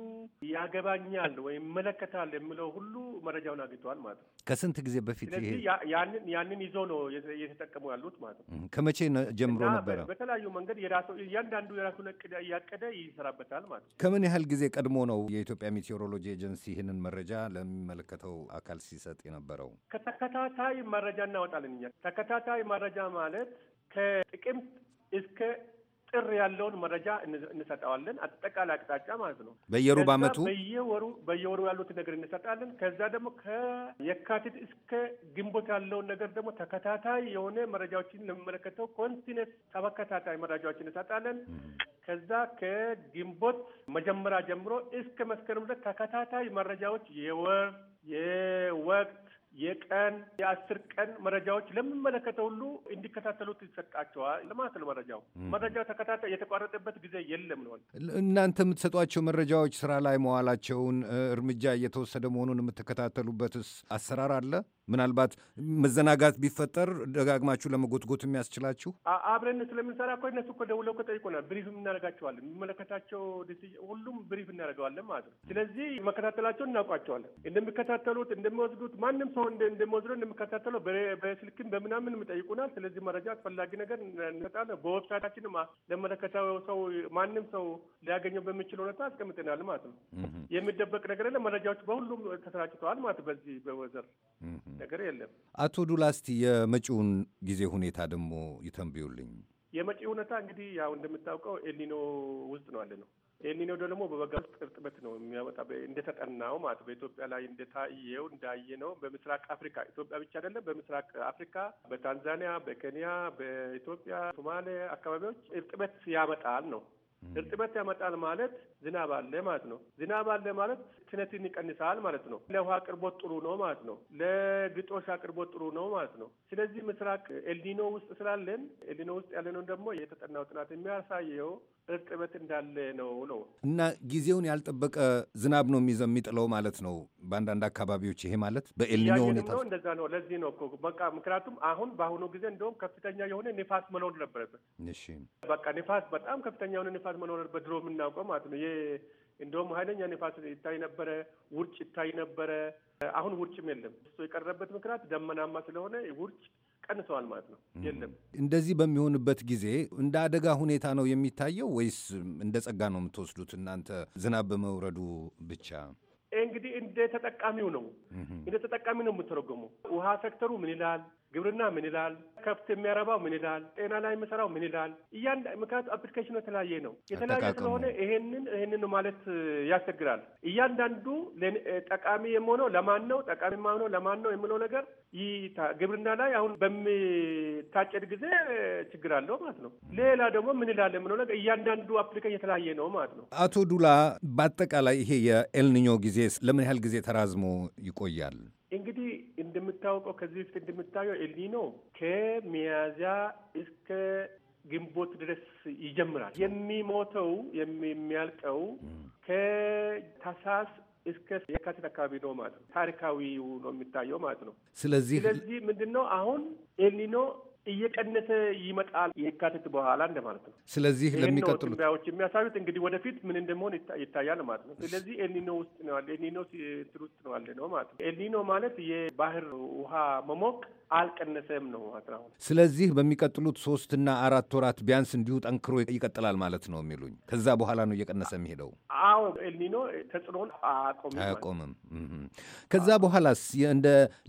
ያገባኛል ወይም ይመለከታል የሚለው ሁሉ መረጃውን አግኝተዋል ማለት ነው። ከስንት ጊዜ በፊት ይሄ ያንን ያንን ይዞ ነው እየተጠቀሙ ያሉት ማለት ነው። ከመቼ ጀምሮ ነበረ? በተለያዩ መንገድ የራሱ እያንዳንዱ የራሱን እያቀደ ይሰራበታል ማለት ነው። ከምን ያህል ጊዜ ቀድሞ ነው የኢትዮጵያ ሜቴዎሮሎጂ ኤጀንሲ ይህንን መረጃ ለሚመለከተው አካል ሲሰጥ የነበረው? ከተከታታይ መረጃ እናወጣለን እኛ። ተከታታይ መረጃ ማለት ከጥቅምት እስከ ጥር ያለውን መረጃ እንሰጠዋለን። አጠቃላይ አቅጣጫ ማለት ነው። በየሩ በአመቱ በየወሩ በየወሩ ያሉትን ነገር እንሰጣለን። ከዛ ደግሞ ከየካቲት እስከ ግንቦት ያለውን ነገር ደግሞ ተከታታይ የሆነ መረጃዎችን ለሚመለከተው ኮንቲኔንት ተከታታይ መረጃዎችን እንሰጣለን። ከዛ ከግንቦት መጀመሪያ ጀምሮ እስከ መስከረም ድረስ ተከታታይ መረጃዎች የወር የወቅት የቀን የአስር ቀን መረጃዎች ለሚመለከተው ሁሉ እንዲከታተሉት ይሰጣቸዋል ለማለት ነው። መረጃው መረጃው ተከታታይ የተቋረጠበት ጊዜ የለም ነው። እናንተ የምትሰጧቸው መረጃዎች ስራ ላይ መዋላቸውን እርምጃ እየተወሰደ መሆኑን የምትከታተሉበትስ አሰራር አለ? ምናልባት መዘናጋት ቢፈጠር ደጋግማችሁ ለመጎትጎት የሚያስችላችሁ አብረን ስለምንሰራ እኮ እነሱ እኮ ደውለው እኮ ጠይቆናል። ብሪፍ እናደርጋቸዋለን። የሚመለከታቸው ሁሉም ብሪፍ እናደርገዋለን ማለት ነው። ስለዚህ መከታተላቸውን እናውቋቸዋለን። እንደሚከታተሉት እንደሚወስዱት፣ ማንም ሰው እንደሚወስዱ እንደሚከታተለው በስልክም በምናምን ጠይቁናል። ስለዚህ መረጃ አስፈላጊ ነገር እንሰጣለን። በወብሳይታችን ለመለከተው ሰው ማንም ሰው ሊያገኘው በሚችል ሁኔታ አስቀምጠናል ማለት ነው። የሚደበቅ ነገር የለም። መረጃዎች በሁሉም ተሰራጭተዋል ማለት በዚህ በወዘር ነገር የለም። አቶ ዱላስቲ የመጪውን ጊዜ ሁኔታ ደግሞ ይተንብዩልኝ። የመጪ ሁኔታ እንግዲህ ያው እንደምታውቀው ኤልኒኖ ውስጥ ነው ያለ ነው። ኤልኒኖ ደግሞ በበጋ ውስጥ እርጥበት ነው የሚያመጣ እንደተጠናው ማለት በኢትዮጵያ ላይ እንደታየው እንዳየ ነው። በምስራቅ አፍሪካ ኢትዮጵያ ብቻ አይደለም፣ በምስራቅ አፍሪካ በታንዛኒያ፣ በኬንያ፣ በኢትዮጵያ፣ ሶማሌ አካባቢዎች እርጥበት ያመጣል ነው እርጥበት ያመጣል ማለት ዝናብ አለ ማለት ነው። ዝናብ አለ ማለት ትነትን ይቀንሳል ማለት ነው። ለውሃ አቅርቦት ጥሩ ነው ማለት ነው። ለግጦሽ አቅርቦት ጥሩ ነው ማለት ነው። ስለዚህ ምስራቅ ኤልኒኖ ውስጥ ስላለን ኤልኒኖ ውስጥ ያለነው ደግሞ የተጠናው ጥናት የሚያሳየው እርጥበት እንዳለ ነው ነው እና ጊዜውን ያልጠበቀ ዝናብ ነው የሚዘ የሚጥለው ማለት ነው በአንዳንድ አካባቢዎች። ይሄ ማለት በኤልኒኖ ሁኔታ እንደዛ ነው። ለዚህ ነው በቃ ምክንያቱም አሁን በአሁኑ ጊዜ እንደውም ከፍተኛ የሆነ ንፋስ መኖር ነበረበት። እሺ በቃ ንፋስ፣ በጣም ከፍተኛ የሆነ ንፋስ መኖር ነበር፣ ድሮ የምናውቀው ማለት ነው። ይሄ እንደውም ኃይለኛ ንፋስ ይታይ ነበረ፣ ውርጭ ይታይ ነበረ። አሁን ውርጭም የለም። እሱ የቀረበት ምክንያት ደመናማ ስለሆነ ውርጭ ቀንሰዋል ማለት ነው። የለም እንደዚህ በሚሆንበት ጊዜ እንደ አደጋ ሁኔታ ነው የሚታየው ወይስ እንደ ጸጋ ነው የምትወስዱት እናንተ ዝናብ በመውረዱ ብቻ? እንግዲህ እንደ ተጠቃሚው ነው እንደ ተጠቃሚው ነው የምትረጎመው። ውሃ ሴክተሩ ምን ይላል? ግብርና ምን ይላል፣ ከብት የሚያረባው ምን ይላል፣ ጤና ላይ የምሰራው ምን ይላል። እያን ምክንያቱ አፕሊኬሽኑ የተለያየ ነው። የተለያየ ስለሆነ ይሄንን ይሄንን ማለት ያስቸግራል። እያንዳንዱ ጠቃሚ የምሆነው ለማን ነው፣ ጠቃሚ የማሆነው ለማን ነው የምለው ነገር ግብርና ላይ አሁን በሚታጨድ ጊዜ ችግር አለው ማለት ነው። ሌላ ደግሞ ምን ይላል የምለው ነገር እያንዳንዱ አፕሊኬሽን የተለያየ ነው ማለት ነው። አቶ ዱላ፣ በአጠቃላይ ይሄ የኤልኒኞ ጊዜ ለምን ያህል ጊዜ ተራዝሞ ይቆያል? እንግዲህ እንደሚታወቀው ከዚህ በፊት እንደሚታየው ኤልኒኖ ከሚያዚያ እስከ ግንቦት ድረስ ይጀምራል። የሚሞተው የሚያልቀው ከታሳስ እስከ የካቲት አካባቢ ነው ማለት ነው። ታሪካዊው ነው የሚታየው ማለት ነው። ስለዚህ ስለዚህ ምንድን ነው አሁን ኤልኒኖ እየቀነሰ ይመጣል የካቲት በኋላ እንደማለት ነው። ስለዚህ ለሚቀጥሉት ትንበያዎች የሚያሳዩት እንግዲህ ወደፊት ምን እንደመሆን ይታያል ማለት ነው። ስለዚህ ኤልኒኖ ውስጥ ነው ያለ ኤልኒኖ ትል ውስጥ ነው ያለ ነው ማለት ነው። ኤልኒኖ ማለት የባህር ውሃ መሞቅ አልቀነሰም ነው ማለት ነው። ስለዚህ በሚቀጥሉት ሶስትና አራት ወራት ቢያንስ እንዲሁ ጠንክሮ ይቀጥላል ማለት ነው የሚሉኝ። ከዛ በኋላ ነው እየቀነሰ የሚሄደው። አዎ ኤልኒኖ ተጽዕኖን አያቆምም። ከዛ በኋላስ እንደ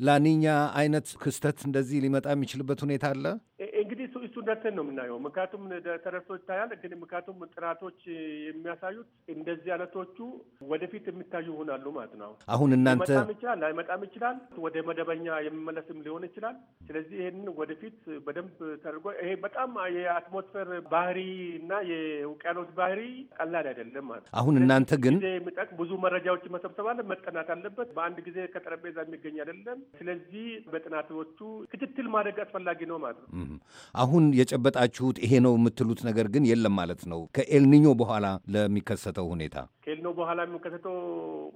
ላኒኛ አይነት ክስተት እንደዚህ ሊመጣ የሚችልበት ሁኔታ አለ അല്ല ሁለትን ነው የምናየው። ምክንያቱም ተረስቶ ይታያል፣ ግን ምክንያቱም ጥናቶች የሚያሳዩት እንደዚህ አይነቶቹ ወደፊት የሚታዩ ይሆናሉ ማለት ነው። አሁን እናንተ ይችላል ላይመጣም ይችላል፣ ወደ መደበኛ የሚመለስም ሊሆን ይችላል። ስለዚህ ይህንን ወደፊት በደንብ ተደርጎ ይሄ በጣም የአትሞስፌር ባህሪ እና የውቅያኖስ ባህሪ ቀላል አይደለም ማለት ነው። አሁን እናንተ ግን የሚጠቅ ብዙ መረጃዎች መሰብሰብ አለ፣ መጠናት አለበት። በአንድ ጊዜ ከጠረጴዛ የሚገኝ አይደለም። ስለዚህ በጥናቶቹ ክትትል ማድረግ አስፈላጊ ነው ማለት ነው። አሁን የጨበጣችሁት ይሄ ነው የምትሉት ነገር ግን የለም ማለት ነው። ከኤልኒኞ በኋላ ለሚከሰተው ሁኔታ ከኤልኒኞ በኋላ የሚከሰተው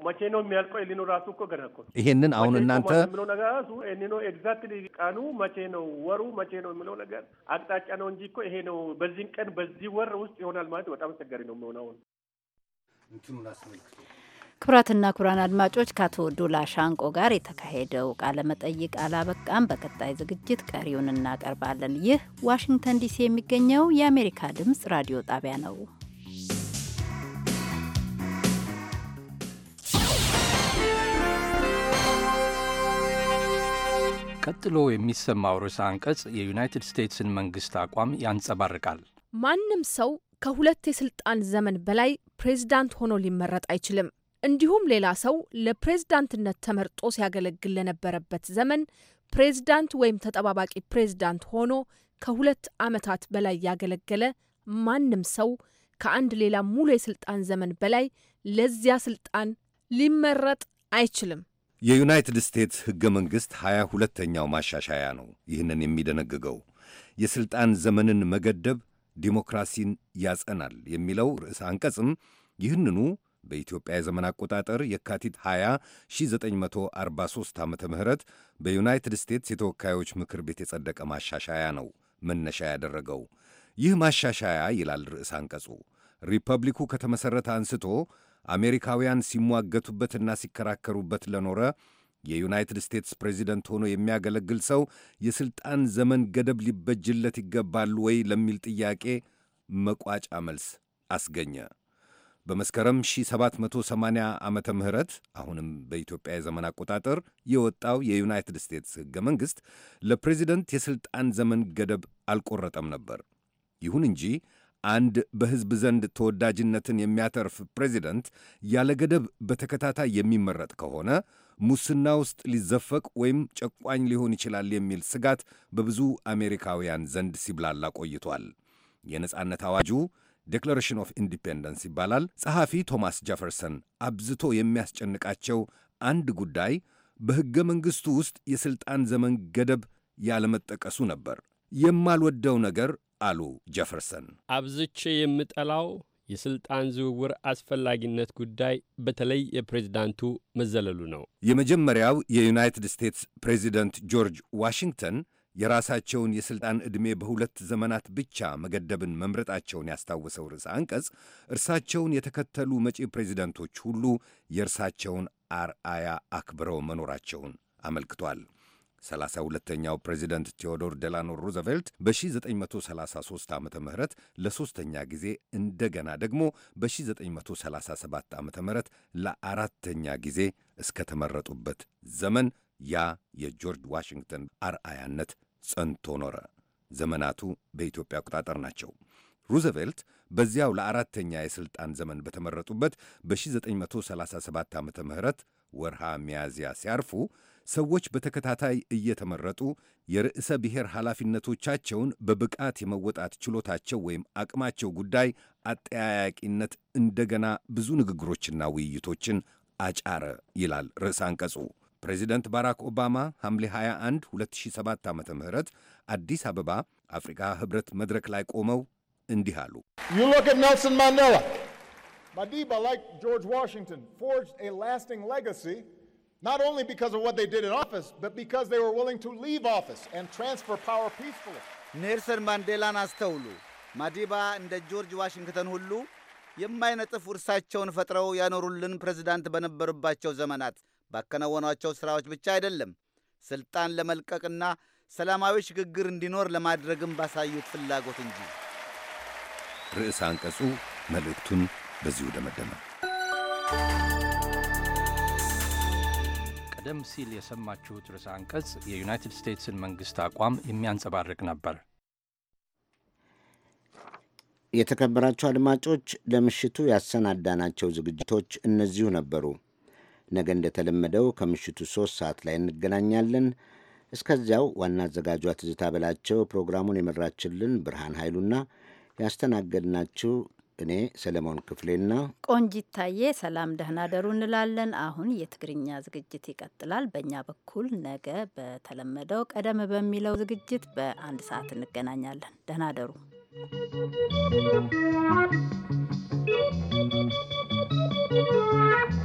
መቼ ነው የሚያልቀው? ኤልኒኖ ራሱ እኮ ገና እኮ ይሄንን አሁን እናንተ የሚለው ነገር ራሱ ኤልኒኖ ኤግዛክትሊ ቀኑ መቼ ነው፣ ወሩ መቼ ነው የምለው ነገር አቅጣጫ ነው እንጂ እኮ ይሄ ነው በዚህን ቀን በዚህ ወር ውስጥ ይሆናል ማለት በጣም አስቸጋሪ ነው የሚሆነው አሁን እንትኑን አስመልክቶ ክቡራትና ክቡራን አድማጮች ከአቶ ዱላ ሻንቆ ጋር የተካሄደው ቃለ መጠይቅ አላበቃም። በቀጣይ ዝግጅት ቀሪውን እናቀርባለን። ይህ ዋሽንግተን ዲሲ የሚገኘው የአሜሪካ ድምፅ ራዲዮ ጣቢያ ነው። ቀጥሎ የሚሰማው ርዕሰ አንቀጽ የዩናይትድ ስቴትስን መንግስት አቋም ያንጸባርቃል። ማንም ሰው ከሁለት የሥልጣን ዘመን በላይ ፕሬዚዳንት ሆኖ ሊመረጥ አይችልም። እንዲሁም ሌላ ሰው ለፕሬዝዳንትነት ተመርጦ ሲያገለግል ለነበረበት ዘመን ፕሬዝዳንት ወይም ተጠባባቂ ፕሬዝዳንት ሆኖ ከሁለት ዓመታት በላይ ያገለገለ ማንም ሰው ከአንድ ሌላ ሙሉ የስልጣን ዘመን በላይ ለዚያ ስልጣን ሊመረጥ አይችልም። የዩናይትድ ስቴትስ ሕገ መንግሥት ሀያ ሁለተኛው ማሻሻያ ነው ይህንን የሚደነግገው። የሥልጣን ዘመንን መገደብ ዲሞክራሲን ያጸናል የሚለው ርዕሰ አንቀጽም ይህንኑ በኢትዮጵያ የዘመን አቆጣጠር የካቲት 20 1943 ዓ ም በዩናይትድ ስቴትስ የተወካዮች ምክር ቤት የጸደቀ ማሻሻያ ነው መነሻ ያደረገው። ይህ ማሻሻያ ይላል ርዕስ አንቀጹ፣ ሪፐብሊኩ ከተመሠረተ አንስቶ አሜሪካውያን ሲሟገቱበትና ሲከራከሩበት ለኖረ የዩናይትድ ስቴትስ ፕሬዚደንት ሆኖ የሚያገለግል ሰው የሥልጣን ዘመን ገደብ ሊበጅለት ይገባል ወይ ለሚል ጥያቄ መቋጫ መልስ አስገኘ። በመስከረም 1780 ዓመተ ምህረት አሁንም በኢትዮጵያ የዘመን አቆጣጠር የወጣው የዩናይትድ ስቴትስ ሕገ መንግሥት ለፕሬዚደንት የሥልጣን ዘመን ገደብ አልቆረጠም ነበር። ይሁን እንጂ አንድ በሕዝብ ዘንድ ተወዳጅነትን የሚያተርፍ ፕሬዚደንት ያለ ገደብ በተከታታይ የሚመረጥ ከሆነ ሙስና ውስጥ ሊዘፈቅ ወይም ጨቋኝ ሊሆን ይችላል የሚል ስጋት በብዙ አሜሪካውያን ዘንድ ሲብላላ ቆይቷል። የነጻነት አዋጁ ዴክለሬሽን ኦፍ ኢንዲፔንደንስ ይባላል። ጸሐፊ ቶማስ ጀፈርሰን አብዝቶ የሚያስጨንቃቸው አንድ ጉዳይ በሕገ መንግሥቱ ውስጥ የሥልጣን ዘመን ገደብ ያለመጠቀሱ ነበር። የማልወደው ነገር አሉ ጀፈርሰን፣ አብዝቼ የምጠላው የሥልጣን ዝውውር አስፈላጊነት ጉዳይ በተለይ የፕሬዚዳንቱ መዘለሉ ነው። የመጀመሪያው የዩናይትድ ስቴትስ ፕሬዚደንት ጆርጅ ዋሽንግተን የራሳቸውን የሥልጣን ዕድሜ በሁለት ዘመናት ብቻ መገደብን መምረጣቸውን ያስታወሰው ርዕሰ አንቀጽ እርሳቸውን የተከተሉ መጪ ፕሬዚደንቶች ሁሉ የእርሳቸውን አርአያ አክብረው መኖራቸውን አመልክቷል። 32ኛው ፕሬዚደንት ቴዎዶር ዴላኖ ሩዘቬልት በ1933 ዓ ም ለሦስተኛ ጊዜ እንደገና ደግሞ በ1937 ዓ ም ለአራተኛ ጊዜ እስከተመረጡበት ዘመን ያ የጆርጅ ዋሽንግተን አርአያነት ጸንቶ ኖረ። ዘመናቱ በኢትዮጵያ አቆጣጠር ናቸው። ሩዘቬልት በዚያው ለአራተኛ የሥልጣን ዘመን በተመረጡበት በ1937 ዓ ም ወርሃ ሚያዝያ ሲያርፉ ሰዎች በተከታታይ እየተመረጡ የርዕሰ ብሔር ኃላፊነቶቻቸውን በብቃት የመወጣት ችሎታቸው ወይም አቅማቸው ጉዳይ አጠያያቂነት እንደገና ብዙ ንግግሮችና ውይይቶችን አጫረ ይላል ርዕሰ አንቀጹ። ፕሬዚደንት ባራክ ኦባማ ሐምሌ 21 2007 ዓ ም አዲስ አበባ አፍሪካ ህብረት መድረክ ላይ ቆመው እንዲህ አሉ። ኔልሰን ማንዴላን አስተውሉ። ማዲባ እንደ ጆርጅ ዋሽንግተን ሁሉ የማይነጥፍ ውርሳቸውን ፈጥረው ያኖሩልን ፕሬዚዳንት በነበሩባቸው ዘመናት ባከናወኗቸው ሥራዎች ብቻ አይደለም፣ ሥልጣን ለመልቀቅና ሰላማዊ ሽግግር እንዲኖር ለማድረግም ባሳዩት ፍላጎት እንጂ። ርዕሰ አንቀጹ መልእክቱን በዚሁ ደመደመ። ቀደም ሲል የሰማችሁት ርዕሰ አንቀጽ የዩናይትድ ስቴትስን መንግሥት አቋም የሚያንጸባርቅ ነበር። የተከበራቸው አድማጮች ለምሽቱ ያሰናዳናቸው ዝግጅቶች እነዚሁ ነበሩ። ነገ እንደተለመደው ከምሽቱ ሶስት ሰዓት ላይ እንገናኛለን። እስከዚያው ዋና አዘጋጇ ትዝታ በላቸው፣ ፕሮግራሙን የመራችልን ብርሃን ኃይሉና ያስተናገድናችሁ እኔ ሰለሞን ክፍሌና ቆንጂት ታዬ ሰላም ደህና ደሩ እንላለን። አሁን የትግርኛ ዝግጅት ይቀጥላል። በእኛ በኩል ነገ በተለመደው ቀደም በሚለው ዝግጅት በአንድ ሰዓት እንገናኛለን። ደህና ደሩ። Thank you.